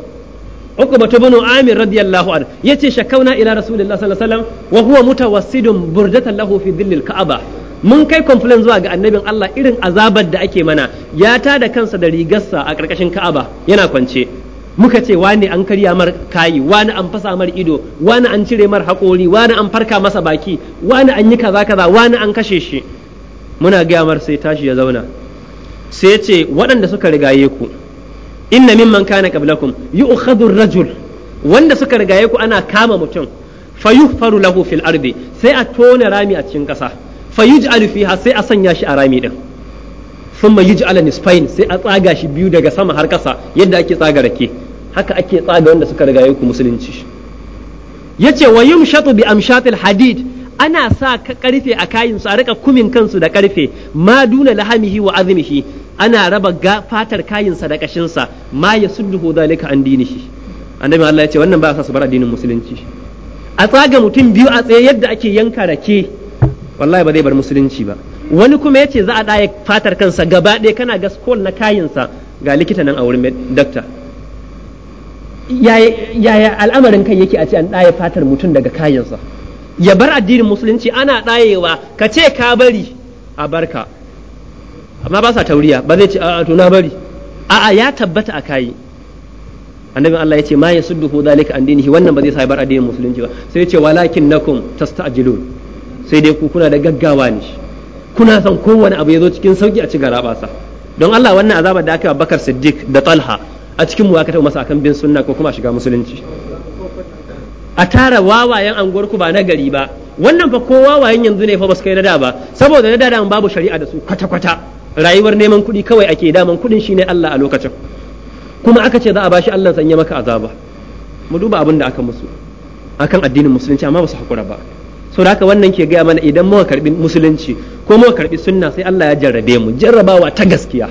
uku bato bin amir radiyallahu anhu yace shakauna ila rasulillahi sallallahu alaihi wasallam wa huwa mutawassidun burdatan lahu fi dhillil ka'aba mun kai complain zuwa ga annabin Allah irin azabar da ake mana ya ta da kansa da rigarsa a ƙarƙashin Ka'aba yana kwance muka ce wani an karya mar kayi wani an fasa mar ido wani an cire mar haƙori wani an farka masa baki wani an yi kaza kaza wani an kashe shi muna gaya mar sai tashi ya zauna sai ce waɗanda suka rigaye ku inna mimman kana qablakum yu'khadhu ar-rajul wanda suka rigaye ku ana kama mutum fayuhfaru lahu fil ardi sai a tona rami a cikin ƙasa fa fiha sai a sanya shi a rami din thumma yuj'alu nisfain sai a tsaga shi biyu daga sama har kasa yadda ake tsaga rake haka ake tsaga wanda suka riga ku musulunci yace wa yumshatu bi amshatil hadid ana sa karfe a kayin su a rika kumin kansu da karfe ma duna lahamihi wa azmihi ana raba fatar sa da kashinsa ma ya dalika zalika an dinihi annabi Allah ya wannan ba sa su bar addinin musulunci a tsaga mutum biyu a tsaye yadda ake yanka rake wallahi ba zai bar musulunci ba wani kuma yace za a daya fatar kansa gaba ɗaya kana ga school na kayinsa ga likita nan a wurin dakta yaya al'amarin kai yake a ce an daya fatar mutum daga kayinsa ya bar addinin musulunci ana dayewa ka ce ka bari a barka amma ba sa tauriya ba zai ce a to na bari a'a ya tabbata a kai annabin Allah ya ce ma yasudduhu zalika an dinihi wannan ba zai sa bar addinin musulunci ba sai ya ce walakin nakum tasta'jilun sai dai ku kuna da gaggawa ne kuna son kowane abu ya zo cikin sauki a ci sa don Allah wannan azabar da aka yi Bakar Siddiq da Talha a cikin mu aka taɓa masa akan bin sunna ko kuma shiga musulunci a tara wawayen anguwarku ba na gari ba wannan fa ko wawayen yanzu ne fa ba su kai na da ba saboda na da da babu shari'a da su kwata kwata rayuwar neman kuɗi kawai ake daman kuɗin shine Allah a lokacin kuma aka ce za a bashi Allah sanya maka azaba mu duba abin da aka musu akan addinin musulunci amma ba su hakura ba so haka wannan ke gaya mana idan muka karbi musulunci ko muka karbi sunna sai Allah ya jarrabe mu jarrabawa ta gaskiya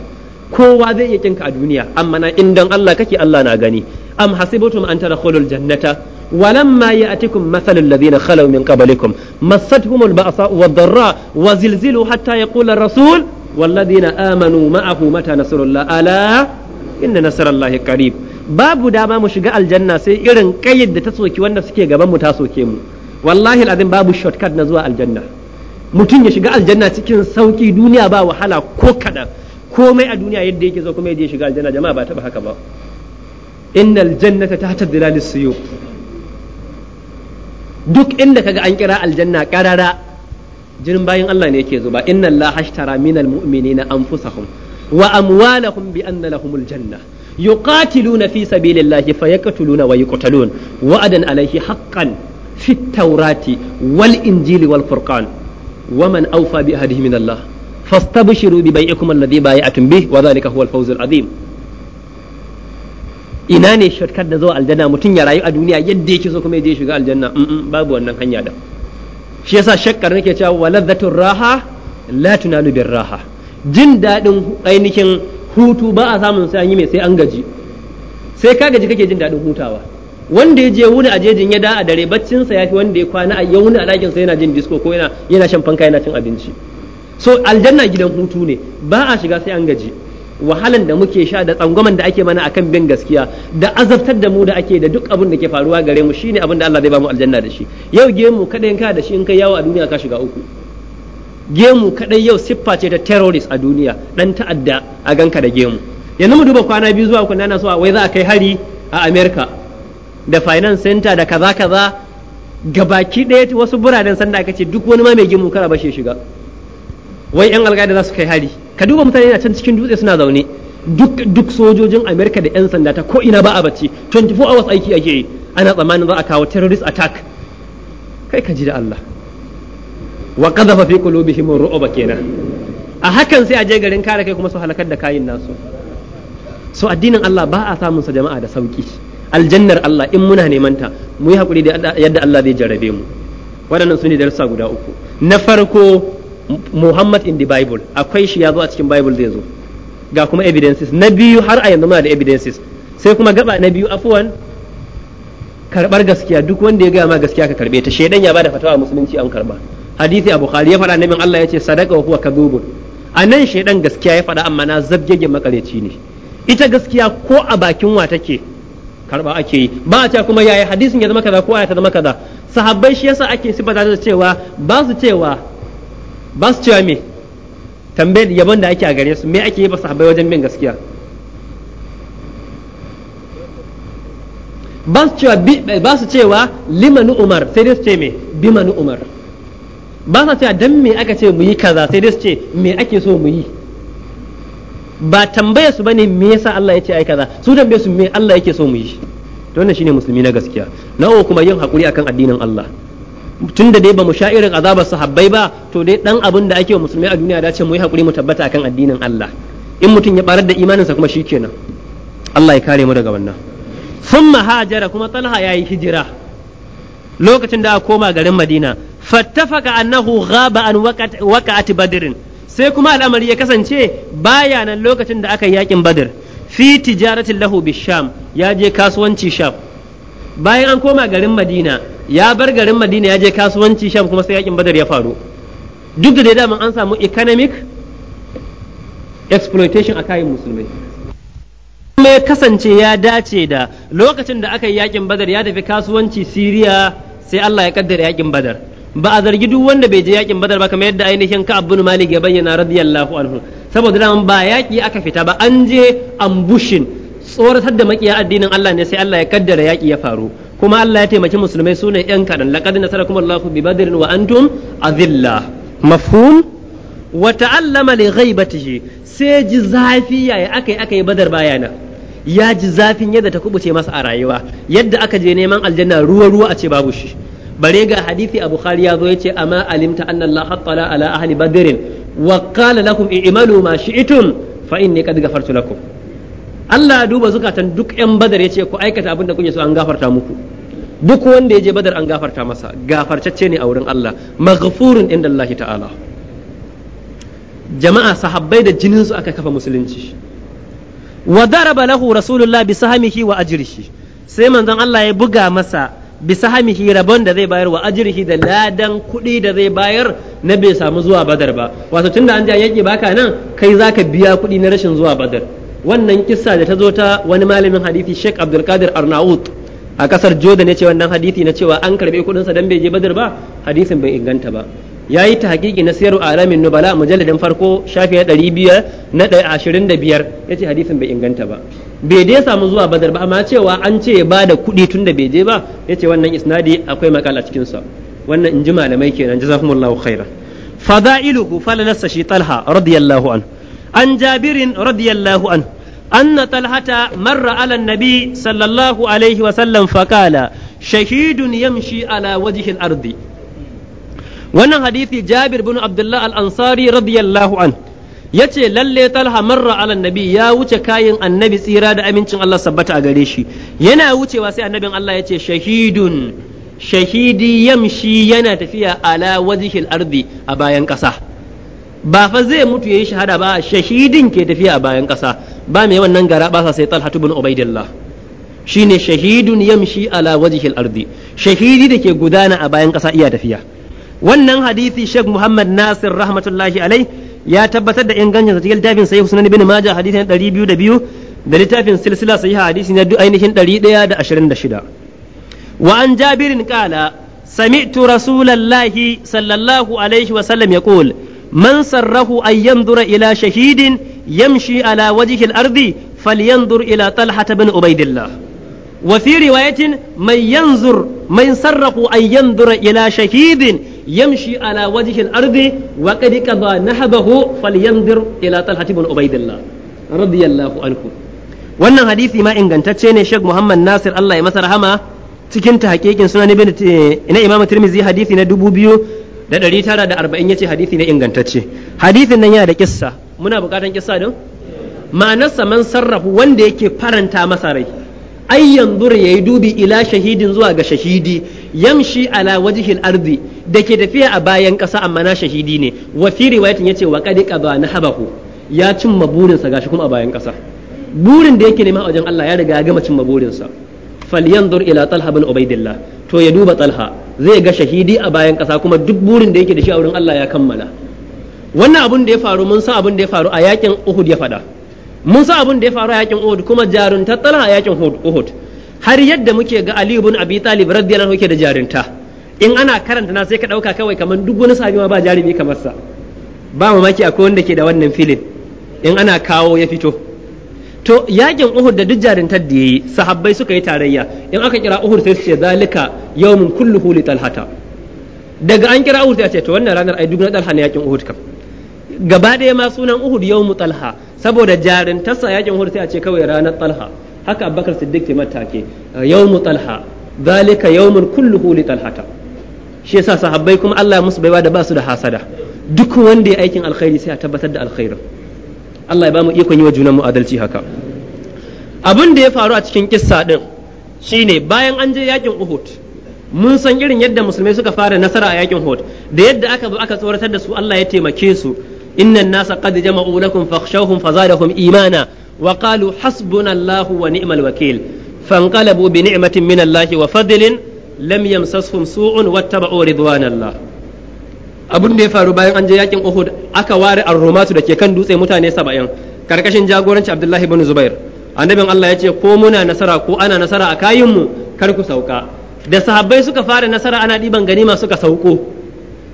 kowa zai iya ƙinka a duniya amma na indan Allah kake Allah na gani am hasibatum an tadkhulul jannata ولما يأتكم مثل الذين خلوا من قبلكم مستهم البأساء والضراء وزلزلوا حتى يقول الرسول والذين آمنوا معه amanu نصر الله ألا إن نصر الله قريب babu dama mu shiga aljanna sai irin kayyar da ta soki wanda suke gaban mu ta soke mu wallahi alazim babu shortcut na zuwa aljanna mutum ya shiga aljanna cikin sauki duniya ba wahala ko kada komai a duniya yadda yake zo kuma ya shiga aljanna jama'a ba taba haka ba innal jannata tahta dhilalis suyuf duk inda kaga an kira aljanna karara jirin bayan Allah ne yake zuba inna Allah hashtara minal mu'minina anfusahum wa amwalahum bi anna lahumul janna yuqatiluna fi sabilillahi fayaqtuluna wa yuqtalun wa'adan alayhi haqqan في التوراة wal والفرقان ومن أوفى بأهده من الله فاستبشروا ببيعكم الذي بايعتم به وذلك هو الفوز العظيم ina ne shortcut da zuwa aljanna mutum ya rayu a duniya yadda yake so kuma ya je shiga aljanna babu wannan hanya da shi yasa shakkar nake cewa waladhatur raha la tunalu bir raha jin dadin ainihin hutu ba a samun sai an yi mai sai an gaji sai ka gaji kake jin dadin hutawa wanda ya je wuni a jejin ya da a dare baccinsa ya yafi wanda ya kwana a ya wuni a dakin sa yana jin disco ko yana yana shan fanka yana cin abinci so aljanna gidan hutu ne ba a shiga sai an gaji wahalan da muke sha da tsangwaman da ake mana akan bin gaskiya da azabtar da mu da ake da duk abin da ke faruwa gare mu shine abin da Allah zai ba mu aljanna da shi yau gemu kadai ka da shi in kai yawo a duniya ka shiga uku gemu kadai yau siffa ce ta terrorist a duniya dan ta'adda a ganka da gemu yanzu mu duba kwana biyu zuwa kwana na so wai za a kai hari a America da finance center da kaza kaza ga baki ɗaya wasu biranen sanda aka ce duk wani ma mai gimu kara bashe shiga wai yan alƙaida za su kai hari ka duba mutane na can cikin dutse suna zaune duk duk sojojin america da yan sanda ta ko ina ba a bacci 24 hours aiki ake yi ana tsammanin za a kawo terrorist attack kai ka ji da Allah wa qadhafa fi qulubihim ru'uba kenan a hakan sai a je garin kare kai kuma su halakar da kayin nasu so addinin Allah ba a samun sa jama'a da sauki aljannar Allah in muna neman ta mu yi hakuri da yadda Allah zai jarrabe mu waɗannan su ne darussa guda uku na farko Muhammad in the Bible akwai shi ya zo a cikin Bible zai zo ga kuma evidences na biyu har a yanzu muna da evidences sai kuma gaba na biyu afuwan karbar gaskiya duk wanda ya gaya ma gaskiya ka karbe ta shaidan ya bada fatawa musulunci an karba hadisi a bukhari ya faɗa annabin Allah ya ce sadaka wa huwa kadhubun a nan shaidan gaskiya ya faɗa amma na zabgege makareci ne ita gaskiya ko a bakin wa take karba ake yi ba a cewa kuma yaya hadisin ya zama kaza ko ayata ta zama kaza sahabbai shi yasa ake sifata da cewa ba su cewa ba su cewa me tambayar yabon da ake a gare su me ake yi ba sahabbai wajen bin gaskiya ba su cewa ba su cewa limanu umar sai dai su ce me bimanu umar ba su cewa dan me aka ce mu yi kaza sai dai su ce me ake so mu yi ba tambaya su bane me yasa Allah ya ce ai kaza su tambaye su me Allah yake so mu yi to wannan shine musulmi na gaskiya nawa kuma yin hakuri akan addinin Allah tun da dai ba mu sha irin azabar sahabbai ba to dai dan abin da ake wa musulmi a duniya dace mu yi hakuri mu tabbata akan addinin Allah in mutum ya barar da imaninsa kuma shikenan Allah ya kare mu daga wannan thumma hajara kuma talha yayi hijira lokacin da aka koma garin Madina fattafaka annahu ghaba an waqa'at badrin sai kuma al'amari ya kasance baya nan lokacin da aka yi yakin badar fi tijaratin lahu bisham ya je kasuwanci sham bayan an koma garin madina ya bar garin madina ya je kasuwanci sham kuma sai yakin badar ya faru duk da dama an samu economic exploitation a kayan musulmai kuma ya kasance ya dace da lokacin da aka yi yakin badar ya tafi kasuwanci siriya sai allah ya kaddara yakin badar ba a zargi duk wanda bai je yakin badar ba kamar yadda ainihin ka abun malik ya bayyana radiyallahu anhu saboda dama ba yaki aka fita ba an je ambushin tsoratar da makiya addinin Allah ne sai Allah ya kaddara yaki ya faru kuma Allah ya taimaki musulmai sune yan kadan laqad nasarakum Allahu bi badrin wa antum azilla mafhum wa ta'allama li ghaibatihi sai ji zafi yayi akai akai badar bayana ya ji zafin yadda ta kubuce masa a rayuwa yadda aka je neman aljanna ruwa ruwa a ce babu shi bare ga hadisi a bukhari ya zo ya ce amma alimta anna allah hattala ala ahli badrin wa qala lahum i'malu ma shi'tum fa inni qad ghafartu lakum Allah duba zukatan duk yan badar ya ce ku aikata abinda da kun so an gafarta muku duk wanda ya je badar an gafarta masa gafarcacce ne a wurin Allah maghfurun inda Allah ta'ala jama'a sahabbai da jinin su aka kafa musulunci wa daraba lahu rasulullah bi sahamihi wa ajrihi sai manzon Allah ya buga masa Bisa bisahamihi rabon da zai bayar wa da ladan kuɗi da zai bayar na bai samu zuwa badar ba wato tunda an ji an yaki baka nan kai zaka biya kuɗi na rashin zuwa badar wannan kissa da ta zo ta wani malamin hadisi Sheikh Abdulkadir Arnaud a ƙasar Jordan ya ce wannan hadisi na cewa an karbe kuɗinsa sa bai je badar ba hadisin bai inganta ba yayi ta hakiki na siyar alamin nubala mujalladin farko shafi na biyar na ya yace hadisin bai inganta ba bai dai samu zuwa badar ba amma cewa an ce ya bada kuɗi tun da bai je ba yace wannan isnadi akwai makala cikin sa wannan in malamai kenan jazakumullahu khaira fadailuhu fala nassa shi talha radiyallahu an an jabirin radiyallahu an anna talhata marra ala nabi sallallahu alaihi wa sallam faqala shahidun yamshi ala wajhi al wannan hadisi jabir bin abdullah al ansari radiyallahu anhu ce lalle talha marra ala nabi ya wuce kayan annabi tsira da amincin Allah sabbata a gare shi yana wucewa sai annabin Allah ce shahidun shahidi yamshi yana tafiya ala wajhil ardi a bayan ƙasa ba fa zai mutu yayi shahada ba shahidin ke tafiya a bayan ƙasa ba mai wannan gara ba sai talha ibn ubaidillah shine shahidun yamshi ala wajhil ardi shahidi da ke gudana a bayan ƙasa iya tafiya wannan hadisi Sheikh Muhammad Nasir rahmatullahi alai ya tabbatar da ingancin sa cikin littafin sahih sunan ibn majah hadisi na 202 da littafin silsila sahih hadisi na ainihin 126 wa an jabirin qala sami'tu rasulallahi sallallahu alaihi wa sallam yaqul man sarrahu an yanzura ila shahidin yamshi ala wajhi al-ardi falyanzur ila talhata bin ubaidillah wa fi riwayatin mai yanzur mai sarrafu an yanzura ila shahidin yamshi ala wajhil ardi wa qad qada nahabahu falyanzur ila talha ibn ubaidillah radiyallahu anhu wannan hadisi ma ingantacce ne Sheikh Muhammad Nasir Allah ya masa rahama cikin ta hakikin sunan ibn ina Imam Tirmidhi hadisi na 2940 yace hadisi ne ingantacce hadisin nan yana da kissa muna bukatan kissa din ma'anarsa man sarrafu wanda yake faranta masa rai ai yanzu ya yi dubi ila shahidin zuwa ga shahidi yamshi ala wajihil ardi da ke tafiya a bayan ƙasa amma na shahidi ne wa fi riwayatin yace wa qad na nahabahu ya cimma burinsa gashi kuma a bayan ƙasa burin da yake nema a wajen Allah ya riga ya gama cimma burinsa falyanzur ila talha bin ubaidillah to ya duba talha zai ga shahidi a bayan ƙasa kuma duk burin da yake da shi a wurin Allah ya kammala wannan abun da ya faru mun san abun da ya faru a yakin Uhud ya faɗa mun sa abin da ya faru a yakin Uhud kuma jarunta tsala a yakin Uhud har yadda muke ga Ali ibn Abi Talib radiyallahu anhu yake da jarunta in ana karanta na sai ka dauka kawai kamar duk wani sahabi ma ba jarumi kamar sa ba mamaki akwai wanda ke da wannan filin in ana kawo ya fito to yakin Uhud da duk jaruntar da yayi sahabbai suka yi tarayya in aka kira Uhud sai su ce zalika yawmun kulluhu li talhata daga an kira Uhud sai a ce to wannan ranar ai duk na talha ne yakin Uhud kam gaba ɗaya ma sunan Uhud yawmu Talha saboda jarin tasa yakin Uhud sai a ce kawai ranar Talha haka Abubakar Siddiq ke matake ah, yawmu Talha zalika yawmun kulluhu huli Talhata shi yasa sahabbai kuma Allah musu baiwa da basu da hasada duk wanda ya aikin alkhairi sai a tabbatar da alkhairin Allah ya bamu ikon yi wa junan mu adalci haka abun da ya faru a cikin kissa din shine bayan an je yakin Uhud mun san irin yadda musulmai suka fara nasara a yakin Uhud da yadda aka zo aka tsoratar da su Allah ya taimake su innan nasa qad jama'u lakum fakhshawhum fazadahum imana wa qalu hasbuna Allahu wa ni'mal wakil fanqalabu bi ni'matin min Allahi wa fadlin lam yamsashum su'un wattaba'u ridwanallah abun da ya faru bayan an je yakin Uhud aka ware ar-rumatu da ke kan dutse mutane 70 karkashin jagoranci Abdullahi ibn Zubair annabin Allah ya ce ko muna nasara ko ana nasara a kayin mu kar ku sauka da sahabbai suka fara nasara ana ɗiban ganima suka sauko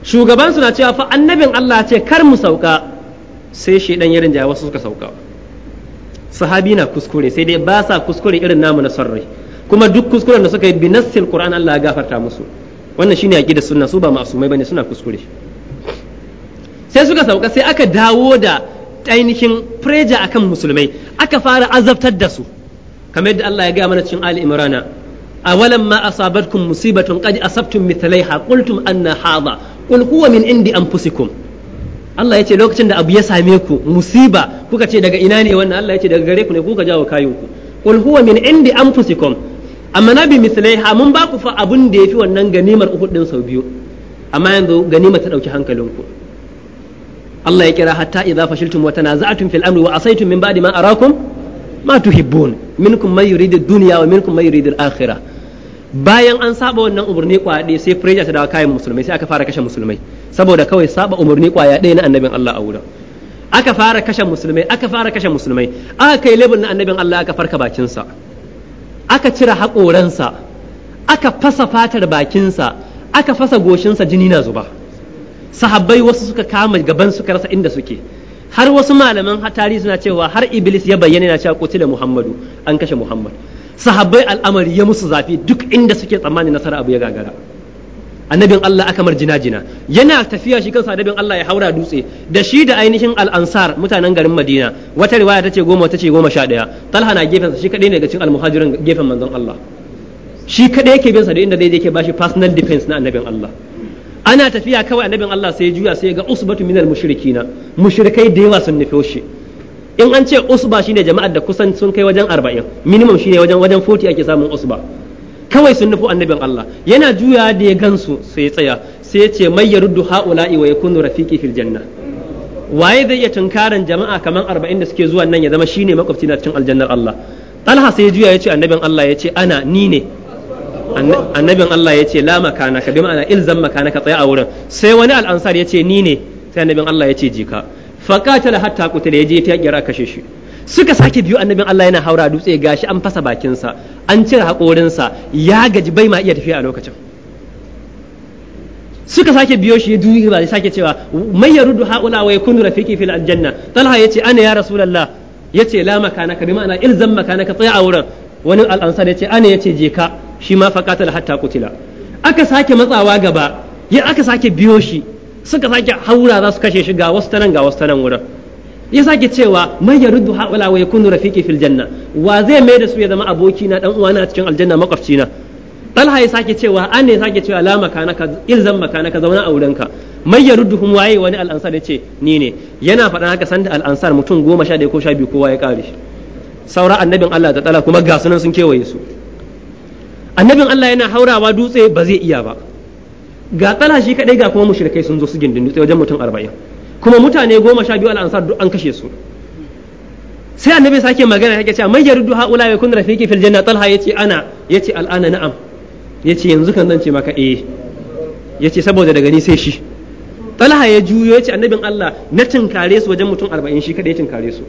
shugaban suna cewa fa annabin Allah ce kar mu sauka sai shi dan yarin jawa wasu suka sauka sahabi na kuskure sai dai ba sa kuskure irin namu na sarri kuma duk kuskuren da suka yi bi nassil qur'an Allah ya gafarta musu wannan shine aqida sunna su ba masumai bane suna kuskure sai suka sauka sai aka dawo da ainihin preja akan musulmai aka fara azabtar da su kamar yadda Allah ya gaya mana cikin Ali Imrana awalan ma asabatkum musibatun qad asabtum mithlaiha qultum anna hadha in huwa min indi anfusikum Allah ya ce lokacin da abu ya same ku musiba kuka ce daga ina ne wannan Allah ya ce daga gare ku ne kuka jawo kayan ku qul huwa min indi anfusikum amma na bi ha mun baku fa abun da yafi wannan ganimar uku ɗin sau biyu amma yanzu ganimar ta dauki hankalinku Allah ya kira hatta idza fashiltum wa tanaza'tum fil amri wa asaytum min ba'di ma arakum ma tuhibbun minkum man yuridu ad-dunya wa minkum man yuridu al-akhirah bayan an saba wannan umarni kwaya ɗaya sai pressure ta dawo kayan musulmai sai aka fara kashe musulmai saboda kawai saba umarni kwaya ɗaya na annabin Allah a wurin aka fara kashe musulmai aka fara kashe musulmai aka kai lebur na annabin Allah aka farka bakinsa aka cire haƙoransa aka fasa fatar bakinsa aka fasa goshinsa jini na zuba sahabbai wasu suka kama gaban suka rasa inda suke har wasu malaman tarihi suna cewa har iblis ya bayyana yana cewa kutila muhammadu an kashe muhammad sahabbai al'amari ya musu zafi duk inda suke tsammani nasara abu ya gagara annabin Allah aka mar jina-jina yana tafiya shi kansa annabin Allah ya haura dutse da shi da ainihin al'ansar mutanen garin Madina wata riwaya ta ce goma ta ce goma sha ɗaya talha na gefensa shi kaɗai ne daga cikin almuhajirin gefen manzon Allah shi kaɗai yake bin sa da inda dai yake bashi personal defense na annabin Allah ana tafiya kawai annabin Allah sai juya sai ga usbatu minal mushrikina mushrikai da yawa sun nufo shi in an ce usba shine jama'ar da kusan sun kai wajen 40 minimum shine wajen wajen 40 ake samun usba kawai sun nufi annabin Allah yana juya da ya gansu sai ya tsaya sai ya ce mai yaruddu haula'i wa yakunu rafiqi fil janna waye zai iya tunkaran jama'a kaman 40 da suke zuwa nan ya zama shine makwabci na cikin aljannar Allah Talha sai ya juya ya ce annabin Allah ya ce ana ni ne annabin Allah ya ce la makana ka bi ma'ana ilzam makana ka tsaya a wurin sai wani al'ansar ya ce ni ne sai annabin Allah ya ce jika faqatala hatta ya je ta kira kashe shi suka sake biyu annabin Allah yana haura dutse gashi an fasa bakinsa an cire haƙorinsa ya gaji bai ma iya tafiya a lokacin suka sake biyo shi duyi ba sake cewa mai ya rudu haula wa yakunu rafiqi fil aljanna talha yace ana ya rasulullah yace la makanaka bi ma'ana ilzam makanaka tsaya a wurin wani al'ansar yace ana yace je ka shi ma faqatal hatta qutila aka sake matsawa gaba ya aka sake biyo shi suka sake haura za su kashe shi ga wasu ta nan ga wasu ta nan wurin ya sake cewa mai ya ruddu haɓala wa yakunu rafiki fil janna wa zai mai da su ya zama aboki na dan uwana cikin aljanna makwabci na talha ya sake cewa an ne sake cewa la makanaka ilzam makanaka zauna a ka mai ya rudduhum waye wani al'ansar ya ce ni ne yana faɗa haka sanda al'ansar mutum goma sha ɗaya ko sha biyu kowa ya kare. shi saura annabin Allah ta tsala kuma ga sunan sun kewaye su annabin Allah yana haurawa dutse ba zai iya ba ga tsala shi kadai ga kuma mushrikai sun zo su gindin dutse wajen mutum arba'in kuma mutane goma sha biyu al'ansar duk an kashe su sai annabi sake magana yake cewa man yardu haula ya kun rafiki fil janna talha yace ana yace al'ana na'am yace yanzu kan zan ce maka eh yace saboda daga ni sai shi talha ya juyo yace annabin Allah na tinkare su wajen mutum 40 shi kadai ya tinkare su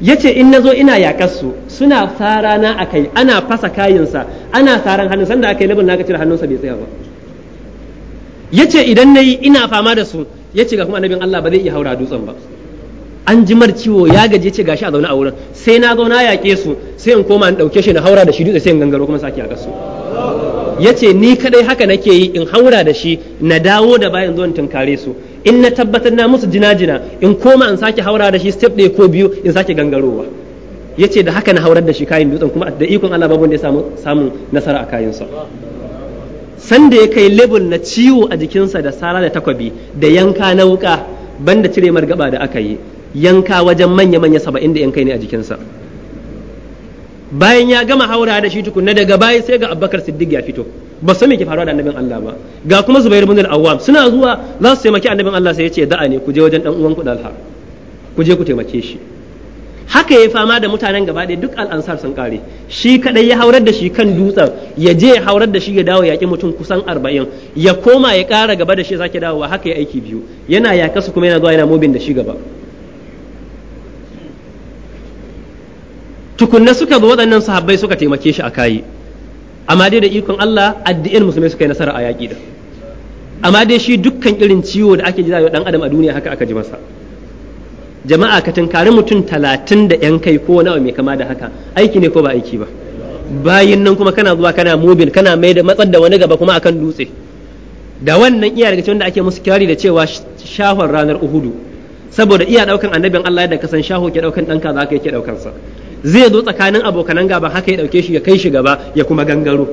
yace in nazo ina yakar su suna tsara na akai ana fasa kayinsa ana saran hannun sanda akai labin naka cire hannunsa bai tsaya ba yace idan nayi ina fama da su yace ga kuma annabin Allah ba zai iya haura dutsen ba an ji mar ciwo ya gaje ce gashi a zaune a wurin sai na zauna ke su sai in koma in dauke shi na haura da shi dutse sai in gangaro kuma sake a gasu ya ce ni kadai haka nake yi in haura da shi na dawo da bayan zuwan tunkare su in na tabbatar na musu jina-jina in koma in sake haura da shi step ɗaya ko biyu in sake gangarowa ya ce da haka na haurar da shi kayan dutsen kuma da ikon Allah babu wanda ya samu nasara a sa. sanda ya kai level na ciwo a jikinsa da sara da takwabi da yanka na wuka banda cire margaba da aka yi yanka wajen manya-manya saba'in da yankai ne a jikinsa bayan ya gama haura da shi tukunna daga baya sai ga Abubakar, siddiq ya fito ba su me ke faruwa da annabin Allah ba ga kuma zubair bin al-awwam suna zuwa za su taimaki annabin Allah sai ya ce da'a ne ku je wajen dan uwanku ku je ku taimake shi haka ya fama da mutanen gaba ɗaya duk al'ansar sun kare shi kaɗai ya haurar da shi kan dutsen ya je ya haurar da shi ya dawo yaƙi mutum kusan arba'in ya koma ya ƙara gaba da shi sake dawowa haka ya aiki biyu yana yaƙa su kuma yana zuwa yana mobin da shi gaba tukunna suka zo waɗannan sahabbai suka taimake shi a kayi amma dai da ikon Allah addu'in musulmai suka yi nasara a yaƙi da amma dai shi dukkan irin ciwo da ake ji wa dan adam a duniya haka aka ji masa jama'a ka tunkari mutum talatin da yan kai ko nawa mai kama da haka aiki ne ko ba aiki ba bayan nan kuma kana zuwa kana mobil kana mai da matsar da wani gaba kuma akan dutse da wannan iya daga cewa ake musu kirari da cewa shahon ranar uhudu saboda iya daukan annabin Allah yadda kasan shaho ke daukan danka za ka yake daukan zai zo tsakanin abokanan gaban haka ya dauke shi ya kai shi gaba ya kuma gangaro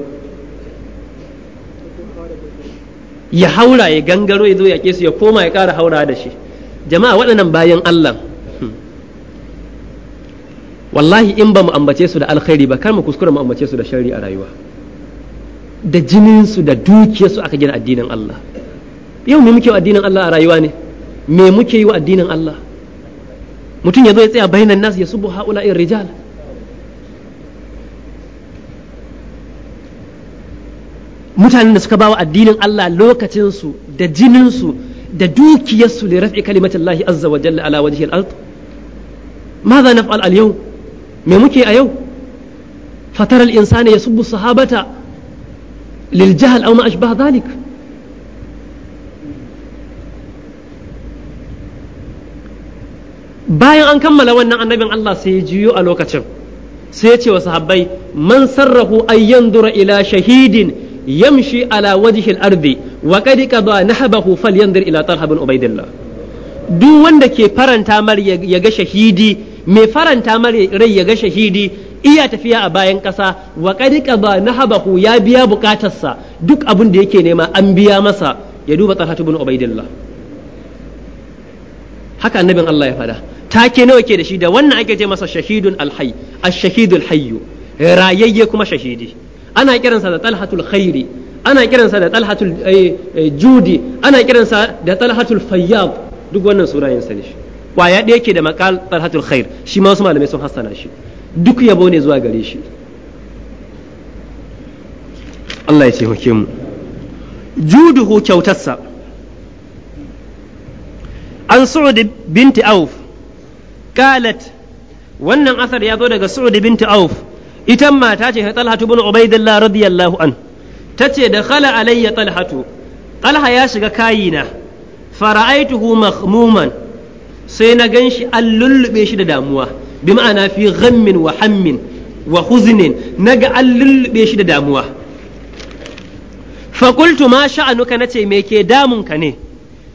ya haura ya gangaro ya zo ya ke su ya koma ya kara haura da shi jama'a waɗannan bayan Allah hmm. wallahi in ba mu ambace su da alkhairi ba kar mu kuskura mu ambace su da sharri a rayuwa da jininsu da dukiyarsu aka gina addinin Allah yau me muke wa addinin Allah a rayuwa ne me muke yi wa addinin Allah mutum ya zo ya tsaya bainan nasu ya subu haula in rijal mutanen da suka ba wa addinin Allah lokacinsu da jininsu da dukiyarsu li raf'i Allah azza wa jalla ala wajhi al-ard ماذا نفعل اليوم ممكي أيو فترى الإنسان يسب الصحابة للجهل أو ma أشبه ذلك bayan an kammala wannan annabin Allah sai ya jiyo a lokacin sai ya ce wa sahabbai man sarrahu an dura ila shahidin yamshi ala wajhil ardi wa qad qada nahbahu falyanzur ila talha bin ubaidillah duk wanda ke faranta mar ya ga shahidi mai faranta mar rai ya ga shahidi iya tafiya a bayan ƙasa wa qad qada nahbahu ya biya bukatarsa duk abin da yake nema an biya masa ya duba talha bin ubaidillah haka annabin Allah ya fada take nawa ke da shi da wannan ake ce masa shahidun alhayy ash-shahidul hayy rayayye kuma shahidi ana kiransa da talhatul khairi ana kiransa da talhatul eh, eh, judi ana kiransa da talhatul fayyab duk wannan yin sani shi kwaya ɗaya ke da makal talhatul khair shi ma wasu malamai sun hassana shi duk yabo ne zuwa gare shi Allah ya taimake mu juduhu kyautarsa an su'ud binti auf qalat wannan asar ya zo daga su'ud binti auf ita mata ce talhatu bin ubaidillah radiyallahu an tace da khala alayya talhatu talha ya shiga kayina fara'aituhu mahmuman sai na ganshi an shi da damuwa bi ma'ana fi ghammin wa hammin wa huznin naga an shi da damuwa fakultu ma sha'anuka nace me ke damunka ne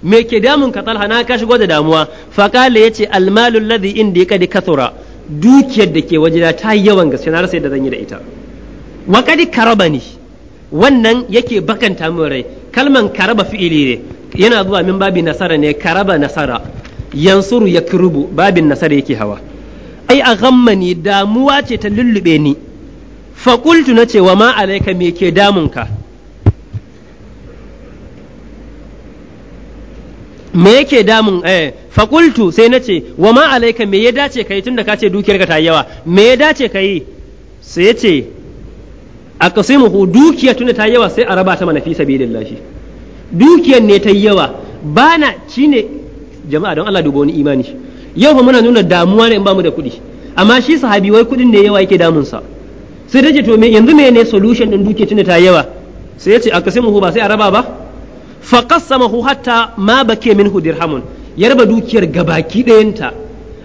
me ke damunka talha na ka shigo da damuwa qala yace almalul ladhi indi kad kathura dukiyar da ke wajena ta yi yawan gaske na rasa yadda zan yi da ita waƙadi karaba karabani wannan yake bakanta min rai kalman karaba fi'ili ne yana zuwa min babin nasara ne karaba nasara yansuru ya kirubu babin nasara yake hawa ai a gammani damuwa ce ta lullube ni faƙultu na cewa ma alaika me ke damunka me yake damun eh fakultu sai na ce wa ma alaika me ya dace kai tunda ka ce dukiyarka ta yi yawa me ya dace kai sai ya ce a hu dukiya tunda ta yi yawa sai a raba ta mana fi sabilillahi dukiyar ne ta yi yawa bana ne jama'a don Allah dubo wani imani yau fa muna nuna damuwa ne in ba mu da kuɗi amma shi sahabi wai kuɗin ne yawa yake damun sa sai dace to me yanzu me ne solution din dukiya tunda ta yi yawa sai ya ce a hu ba sai a raba ba fa hatta ma bake minhu dirhamun ya raba dukiyar gabaki ɗayanta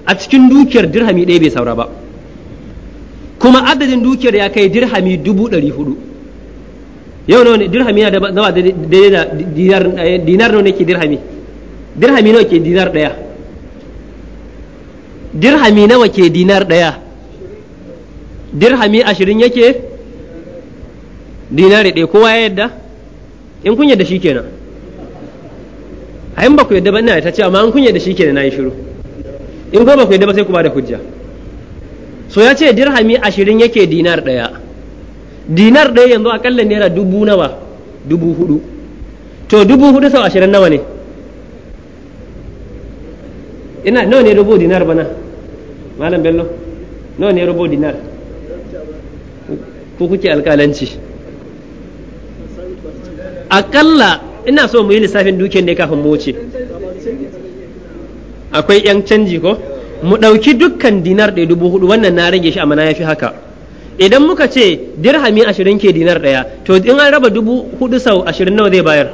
a cikin dukiyar dirhami ɗaya bai saura ba kuma adadin dukiyar ya kai dirhami dubu ɗari hudu yau nawa ne dirhami yana da daidai da eh, dinar nawa ne ke dirhami dirhami nawa ke dinar ɗaya dirhami nawa ke dinar ɗaya dirhami ashirin yake dinari ɗaya kowa ya yadda in kun yadda shi kenan a in ba ku yadda ba ina ta ce amma an kunya da shi na yi shiru in ko ba ku yadda ba sai ku da hujja so ya ce dirhami ashirin yake dinar ɗaya dinar ɗaya yanzu akalla naira dubu nawa dubu hudu to dubu hudu sau ashirin nawa ne ina nawa ne rubo dinar bana malam bello nawa ne rubo dinar ko kuke alkalanci akalla ina so mu yi lissafin dukiyar ne kafin mu wuce akwai yan canji ko mu ɗauki dukkan dinar ɗaya dubu hudu wannan na rage shi amma na ya fi haka idan muka ce dirhami ashirin ke dinar ɗaya to in an raba dubu hudu sau ashirin nawa zai bayar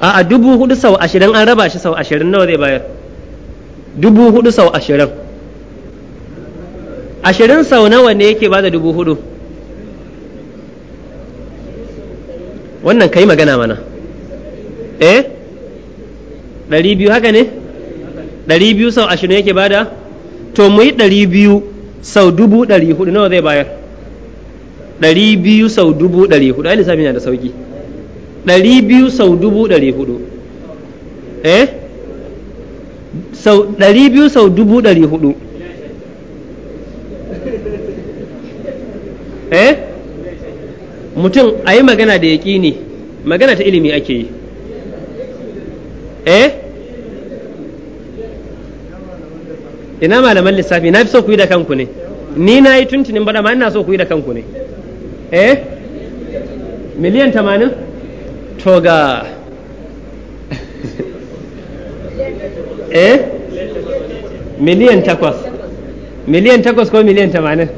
a dubu hudu sau ashirin an raba shi sau ashirin nawa zai bayar dubu hudu sau ashirin ashirin sau nawa ne yake ba da dubu hudu wannan kai magana mana eh ɗari biyu haka ne ɗari biyu sau ashirin yake bada to mu yi ɗari biyu sau dubu ɗari hudu nawa zai bayar ɗari biyu sau dubu ɗari hudu ai lissafi na da sauki ɗari biyu sau dubu ɗari hudu eh sau ɗari biyu sau dubu ɗari hudu eh mutum a yi magana da yaƙini magana ta ilimi ake yi eh ina malaman lissafi na fi so ku yi da kanku ne ni na yi tuntunin baɗa ma ina so ku yi da kanku ne eh miliyan tamanin to ga eh miliyan takwas miliyan takwas ko miliyan tamanin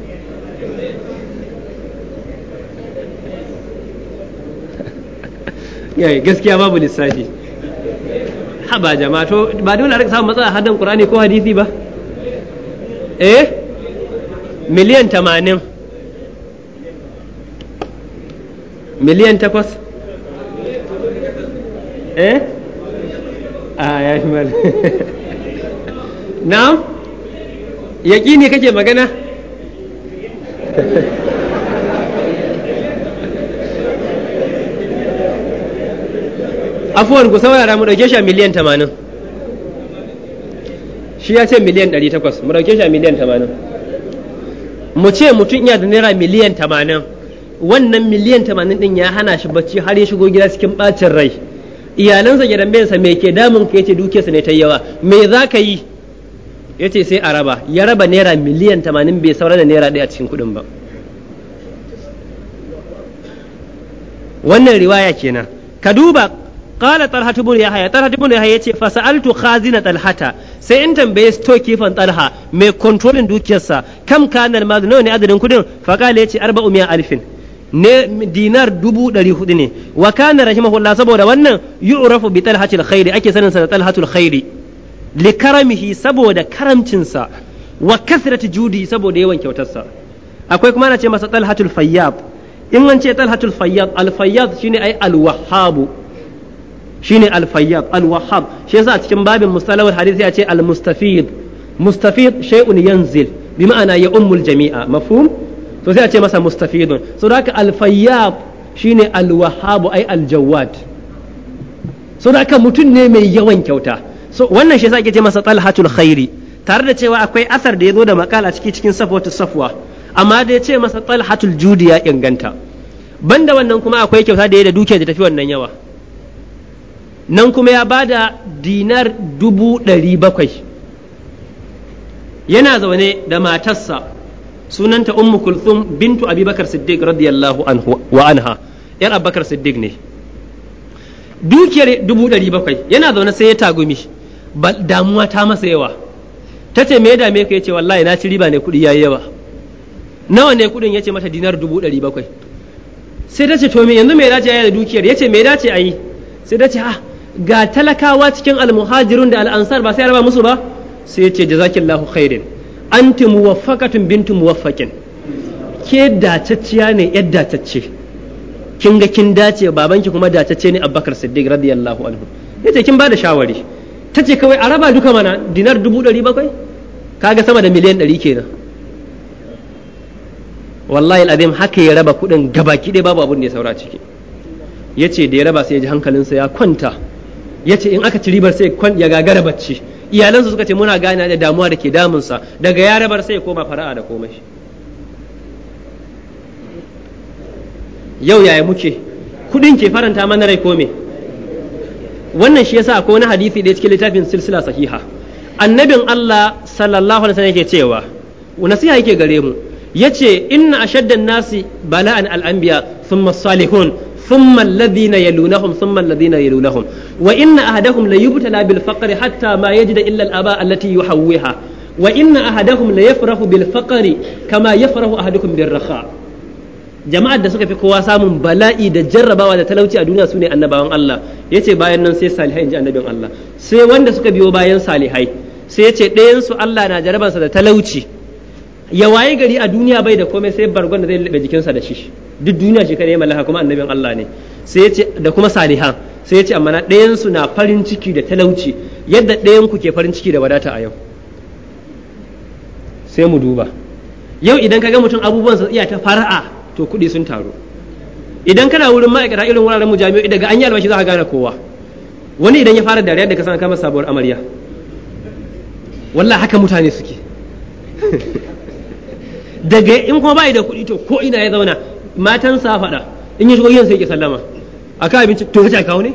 Eh, gaskiya babu lissafi haba jama'a to ba dole a rika samun matsala hadan qur'ani ko hadisi ba eh miliyan tamanin miliyan takwas eh a ah, ya shi mal na yaƙini kake magana afuwar ku saurara mu dauke shi a miliyan 80 shi ya ce miliyan 800 mu dauke shi a miliyan 80 mu ce mutum iya da naira miliyan 80 wannan miliyan 80 din ya hana shi bacci har ya shigo gida cikin bacin rai iyalansa gidan bayansa me ke damun ka yace dukiyarsa ne ta yawa me za ka yi yace sai a raba ya raba naira miliyan 80 bai saura da naira ɗaya a cikin kuɗin ba wannan riwaya kenan ka duba qala talhatu bin yahya talhatu bin yahya yace fa sa'altu khazina talhata sai in tambaye stokifan talha mai kontrolin dukiyarsa kam kanal mazu nawa ne adadin kudin fa qala yace arba'u alfin ne dinar dubu ɗari hudu ne wa kana rahimahullah saboda wannan yu'rafu bi talhatil khairi ake sanin sa da talhatul khairi li karamihi saboda karamcinsa wa kasrati judi saboda yawan kyautarsa akwai kuma ana ce masa talhatul fayyab in an ce talhatul fayyab al fayyab shine ai al wahhabu shine al-fayyad al-wahhab shi yasa cikin babin mustalahul hadisi ya ce al-mustafid mustafid shay'un yanzil bi ma'ana ya ummul jami'a mafhum to sai a ce masa mustafidun so daka al-fayyad shine al-wahhab ai al-jawad so daka mutum ne mai yawan kyauta so wannan shi yasa ake ce masa talhatul khairi tare da cewa akwai asar da ya zo da makala ciki cikin safwatu safwa amma da ya ce masa talhatul Judiya inganta inganta banda wannan kuma akwai kyauta da ya da duke da tafi wannan yawa nan kuma ya ba da dinar dubu ɗari bakwai yana zaune da matarsa sunanta ummu kulthum bintu abubakar siddiq radiyallahu anhu wa anha yar abubakar siddiq ne dukiyar dubu ɗari bakwai yana zaune sai ya tagumi damuwa ta masa yawa ta ce me dame ka yace wallahi na ci riba ne kuɗi yayi yawa nawa ne kuɗin yace mata dinar dubu ɗari bakwai sai ta ce to me yanzu me dace ya da dukiyar yace me dace a yi sai ta ce ah ga talakawa cikin almuhajirun da al'ansar ba sai ya raba musu ba sai ya ce jazakillahu khairin anti muwaffaqatun bintu muwaffaqin ke dacacciya ne yar dacacce kin ga kin dace babanki kuma dacacce ne Abubakar Siddiq radiyallahu anhu yace kin bada shawari tace kawai a raba duka mana dinar dubu ɗari bakwai kaga sama da miliyan ɗari kenan wallahi al'adim haka ya raba kuɗin gabaki ɗaya babu abin da ya saura ciki yace da ya raba sai ya ji hankalinsa ya kwanta yace in aka ci ribar sai kwan ya gagara bacci iyalansa suka ce muna gane da damuwa da ke damunsa daga ya rabar sai ya koma fara'a da komai yau yaya muke kudin ke faranta mana rai ko wannan shi yasa akwai wani hadisi da cikin littafin silsila sahiha annabin Allah sallallahu alaihi wasallam yake cewa nasiha yake gare mu yace inna ashaddan nasi bala'an al'ambiya anbiya thumma salihun thumma alladhina yalunahum thumma alladhina yalunahum wa inna ahadahum la yubtala bil faqri hatta ma yajida illa al aba allati yuhawwiha wa inna ahadahum la yafrahu bil faqri kama yafrahu ahadukum bir raha jama'ar da suka fi kowa samun bala'i da jarrabawa da talauci a duniya sune annabawan Allah yace bayan nan sai salihai inji annabin Allah sai wanda suka biyo bayan salihai sai ce ɗayan su Allah na jarabansa da talauci ya waye gari a duniya bai da komai sai bargon da zai labe jikinsa da shi duk duniya shi kare mallaka kuma annabin Allah ne sai ya ce da kuma salihan sai ya ce amma ɗayan su na farin ciki da talauci yadda ɗayan ku ke farin ciki da wadata a yau sai mu duba yau idan ka ga mutum abubuwan su iya ta fara'a to kuɗi sun taru idan kana wurin ma'aikata irin wuraren mu jami'o'i daga an yi albashi za ka gane kowa wani idan ya fara dariya da ka san kama sabuwar amarya wallahi haka mutane suke daga in kuma bai da kuɗi to ko ina ya zauna matan sa faɗa in yi shigo gidan sai ke sallama akan abinci to kace kawo ne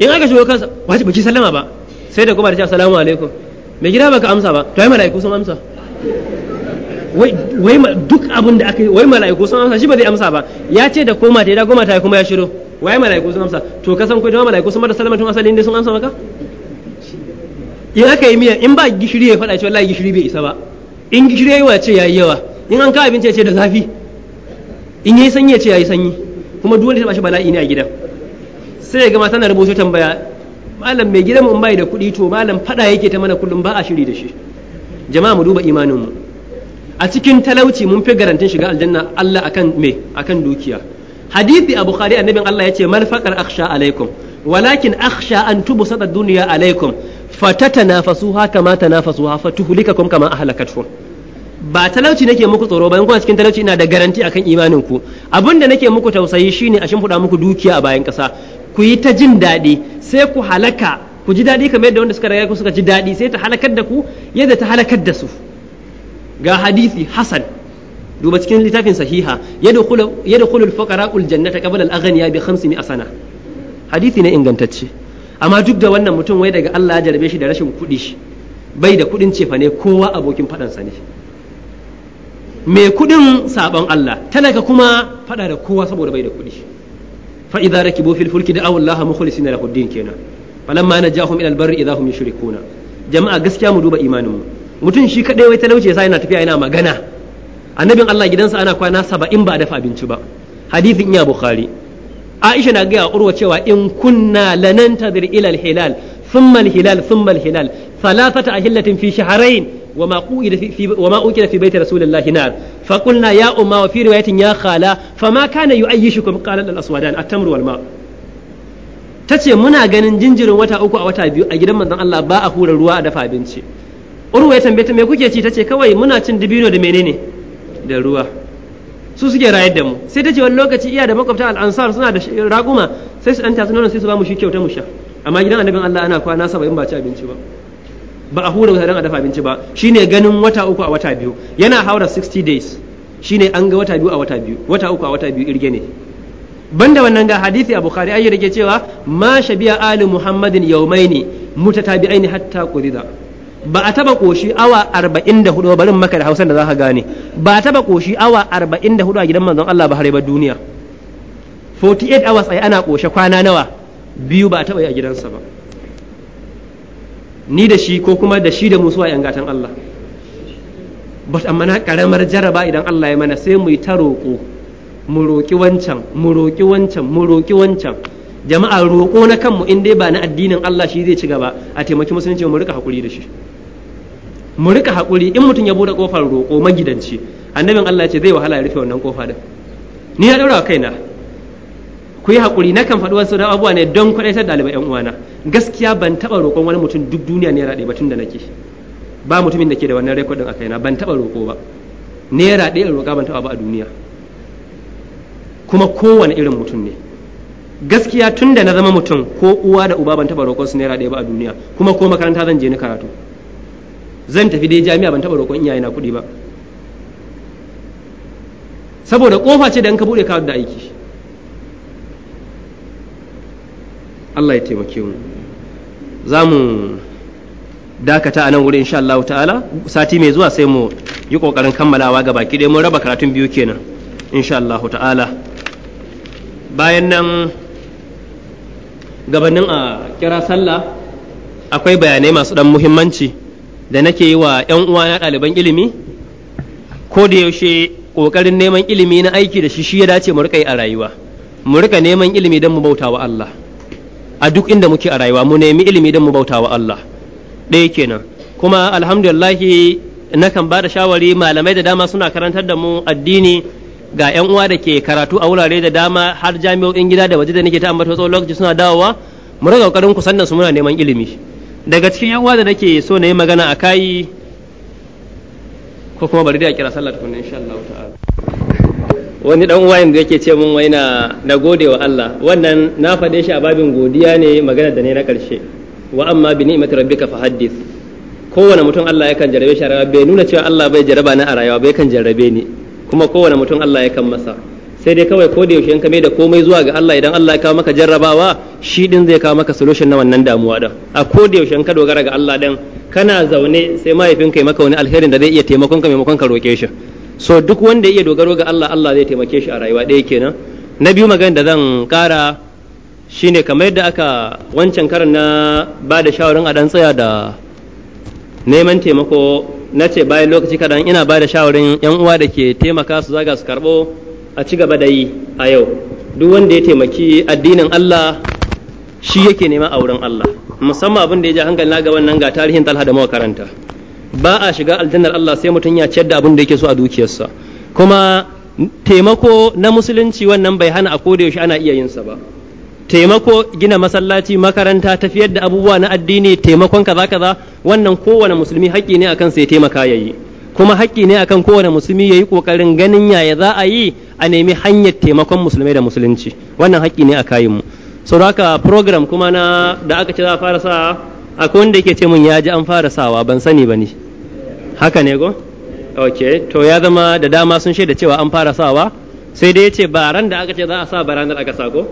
in aka shigo kansa wace baki sallama ba sai da kuma da ce assalamu alaikum mai gida baka amsa ba to ai mala'iku sun amsa wai duk abin da aka yi wai mala'iku sun amsa shi ba zai amsa ba ya ce da koma ta da goma ta kuma ya shiro wai mala'iku sun amsa to ka san ko da mala'iku sun bada salama tun asali inda sun amsa maka in aka yi miya in ba gishiri ya faɗa cewa wallahi gishiri bai isa ba in gishiri yayi ya ce yayi yawa in an ka abinci ya ce da zafi in yayi sanyi ya ce yayi sanyi kuma duk wanda ya shi bala'i ne a gidan sai ya ga mata na tambaya malam mai gidan mu bai da kuɗi to malam fada yake ta mana kullum ba a shiri da shi jama'a mu duba imanin mu a cikin talauci mun fi garantin shiga aljanna Allah akan me akan dukiya hadithi a khari annabin Allah ya ce mal faqar akhsha alaikum walakin akhsha an tubsata ad-dunya alaikum fatatanafasuha kama tanafasuha fatuhlikakum kama ahlakatuhum ba talauci nake muku tsoro ba kuma cikin talauci ina da garanti akan imanin ku da nake muku tausayi shine a shimfiɗa muku dukiya a bayan kasa. ku yi ta jin daɗi sai ku halaka ku ji daɗi kamar yadda wanda suka riga ku suka ji daɗi sai ta halakar da ku yadda ta halakar da su ga hadisi hasan duba cikin littafin sahiha yadkhulu yadkhulu al-fuqara al-jannata qabla al-aghniya bi 500 sana hadisi ne ingantacce amma duk da wannan mutum wai daga Allah ya jarabe shi da rashin kuɗi bai da kuɗin cefa ne kowa abokin faɗansa ne Me kuɗin sabon Allah talaka kuma faɗa da kowa saboda bai da kuɗi fa idza rakibu fil fulki da Allah mukhlisina lahu din kenan falamma najahum ila al barri idza hum yushrikuna jama'a gaskiya mu duba imanin mu mutum shi kadai wai talauce sai yana tafiya yana magana annabin Allah gidansa ana kwana saba'in ba a dafa abinci ba hadithin iya bukhari aisha na gaya urwa cewa in kunna lanantazir ila hilal thumma hilal thumma hilal thalathata ahillatin fi shahrayn وما أوكل في وما أوكل في بيت رسول الله نار فقلنا يا أمة وفي رواية يا خالة فما كان يؤيشكم قال الأسودان التمر والماء tace muna ganin jinjirin wata uku a wata biyu a gidan manzon Allah ba a hura ruwa a dafa abinci urwa ya tambaye me kuke ci tace kawai muna cin dibino da menene da ruwa su suke rayar da mu sai ta ce wani lokaci iya da makwabta al'ansar suna da raguma sai su ɗanta su sai su ba mu shi kyauta mu sha amma gidan annabin Allah ana kwana saba'in ba ci abinci ba ba a hura wutar a dafa abinci ba shine ganin wata uku a wata biyu yana haura 60 days shine an ga wata biyu a wata biyu wata uku a wata biyu irge ne banda wannan ga hadisi a bukhari ayyar ke cewa ma shabiya ali muhammadin yaumaini mutatabi'aini hatta qudida ba a taba koshi awa 44 barin maka da hausan da za ka gane ba a taba koshi awa 44 a gidan manzon Allah ba har ba duniya 48 hours ai ana koshe kwana nawa biyu ba a taba yi a gidansa ba ni da shi ko kuma da shi da musuwa yan gatan Allah but amma na karamar jaraba idan Allah ya mana sai mu yi ta roƙo mu roƙi wancan mu roƙi wancan mu roƙi wancan jama'a roƙo na kanmu in dai ba na addinin Allah shi zai ci gaba a taimaki musulunci mu rika hakuri da shi mu rika haƙuri in mutum ya bude kofar roƙo magidanci annabin Allah ya ce zai wahala ya rufe wannan kofa din ni na daura kaina ku yi haƙuri na kan faɗi wasu abubuwa ne don kwaɗaitar ɗalibai yan uwana gaskiya ban taɓa roƙon wani mutum duk duniya naira ɗaya ba tun da nake ba mutumin da ke da wannan rekodin a kaina ban taɓa roƙo ba naira ɗaya roƙa ban taɓa ba a duniya kuma kowane irin mutum ne gaskiya tun da na zama mutum ko uwa da uba ban taɓa roƙon su naira ɗaya ba a duniya kuma ko makaranta zan je ni karatu zan tafi dai jami'a ban taba roƙon iyaye na kuɗi ba saboda ƙofa ce da an ka buɗe ka da aiki Allah ya taimake mu za mu dakata a nan wuri insha Allah ta'ala sati mai zuwa sai mu yi kokarin kammalawa ga baki dai mun raba karatun biyu kenan insha Allah ta'ala bayan nan gabanin a kira sallah akwai bayanai masu ɗan muhimmanci da nake yi wa 'yan uwana ɗaliban ilimi ko da yaushe ƙoƙarin neman ilimi na aiki da shi shi ya dace mu riƙa yi a rayuwa mu riƙa neman ilimi don mu bauta wa Allah a duk inda muke a rayuwa mu nemi ilimi don mu bauta wa Allah ɗaya kenan kuma alhamdulillahi nakan ba da shawari malamai da dama suna karantar da mu addini ga 'yan uwa da ke karatu a wurare da dama har jami'o'in gida da waje da nake ta ambata tsawon lokaci suna dawowa mu riƙa ƙoƙarin kusan su muna neman ilimi daga cikin yan uwa da nake so na yi magana a kai ko kuma bari da kira sallar kun insha Allah ta'ala wani dan uwa yanzu yake ce mun waina na gode wa Allah wannan na faɗe shi a babin godiya ne magana da ne na karshe wa amma bi ni'mati rabbika fahaddith kowane mutum Allah yakan jarabe shi a rayuwa bai nuna cewa Allah bai jaraba ni a rayuwa bai kan jarabe ni kuma kowane mutum Allah yakan masa sai dai kawai ko da yaushe in ka mai da komai zuwa ga Allah idan Allah ya kawo maka jarrabawa shi din zai kawo maka solution na wannan damuwa din a ko da yaushe in ka dogara ga Allah din kana zaune sai mahaifinka ya maka wani alherin da zai iya taimakon ka maimakon ka roke shi so duk wanda ya iya dogaro ga Allah Allah zai taimake shi a rayuwa ɗaya kenan na biyu magana da zan kara shine kamar yadda aka wancan karan na ba da shawarin a dan tsaya da neman taimako na ce bayan lokaci kadan ina ba da shawarin yan uwa da ke taimaka su zaga su karɓo a ci gaba da yi a yau duk wanda ya taimaki addinin Allah shi yake nema a wurin Allah musamman abin da ya ja hankali na ga wannan ga tarihin talha da makaranta ba a shiga aljannar Allah sai mutum ya ciyar da abin da yake so a dukiyarsa kuma taimako na musulunci wannan bai hana a koda yaushe ana iya yin sa ba taimako gina masallaci makaranta tafiyar da abubuwa na addini taimakon kaza kaza wannan kowane musulmi haƙƙi ne akan sai taimaka yayi kuma haƙƙi ne akan kowane musulmi ya yi ƙoƙarin ganin yaya za a yi a nemi hanyar taimakon musulmai da musulunci wannan haƙƙi ne a kayanmu sau haka program kuma na da aka ce za a fara sa akwai wanda yake ce mun ya ji an fara sawa ban sani ba ne haka ne go ok to ya zama da dama sun shaida cewa an fara sawa sai dai ya ce ba ran da aka ce za a sa ba ranar aka sa ko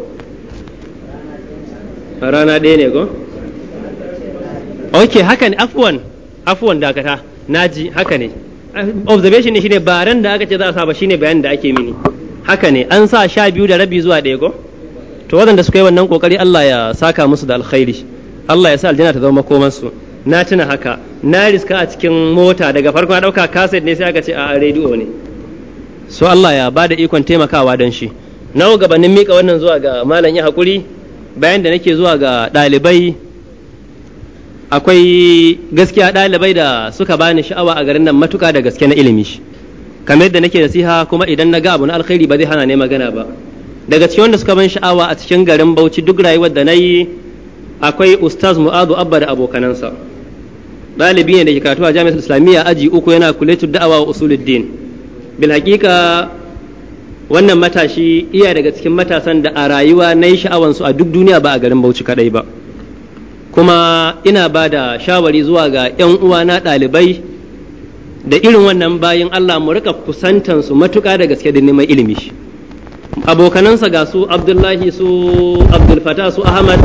rana ɗaya ne go ok haka ne afuwan afuwan dakata naji haka ne observation ne shine baran da aka ce za a sa ba shine bayanin da ake mini haka ne an sa sha biyu da rabi zuwa ɗaya ko to waɗanda suka yi wannan kokari Allah ya saka musu da alkhairi Allah ya sa aljanna ta zama su na tuna haka na riska a cikin mota daga farko na ɗauka kaset ne sai aka ce a rediyo ne so Allah ya ba da ikon taimakawa don shi nawa gabanin mika wannan zuwa ga malam ya hakuri bayan da nake zuwa ga ɗalibai akwai gaskiya ɗalibai da suka bani sha'awa a garin nan matuka da gaske na ilimi kamar yadda nake nasiha kuma idan na ga abu na alkhairi ba zai hana ne magana ba daga cikin wanda suka ban sha'awa a cikin garin Bauchi duk rayuwar da na yi akwai ustaz Mu'adu Abba da abokanansa ɗalibi ne da ke karatu a jami'ar Islamiyya aji uku yana kuletu da'awa wa usuluddin bil haqiqa wannan matashi iya daga cikin matasan da a rayuwa na yi sha'awansu a duk duniya ba a garin bauchi kadai ba kuma ina ba da shawari zuwa ga 'yan uwana ɗalibai da irin wannan bayan Allah mu rika kusantan su matuƙa da gaske da neman ilimi abokanansa ga su abdullahi su abdulfata su ahmad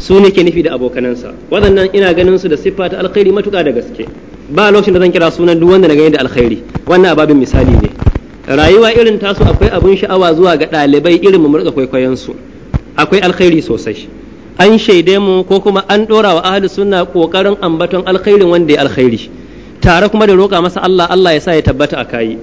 su nake nufi da abokanansa waɗannan ina ganin su da siffa ta alkhairi matuƙa da gaske ba lokacin da zan kira sunan duk wanda na gani da alkhairi wannan ababin misali ne rayuwa irin tasu akwai abin sha'awa zuwa ga ɗalibai irin mu rika kwaikwayon su akwai alkhairi sosai an shaide mu ko kuma an ɗora wa ahli sunna ƙoƙarin ambaton alkhairin wanda ya alkhairi tare kuma da roƙa masa Allah Allah ya sa ya tabbata a kayi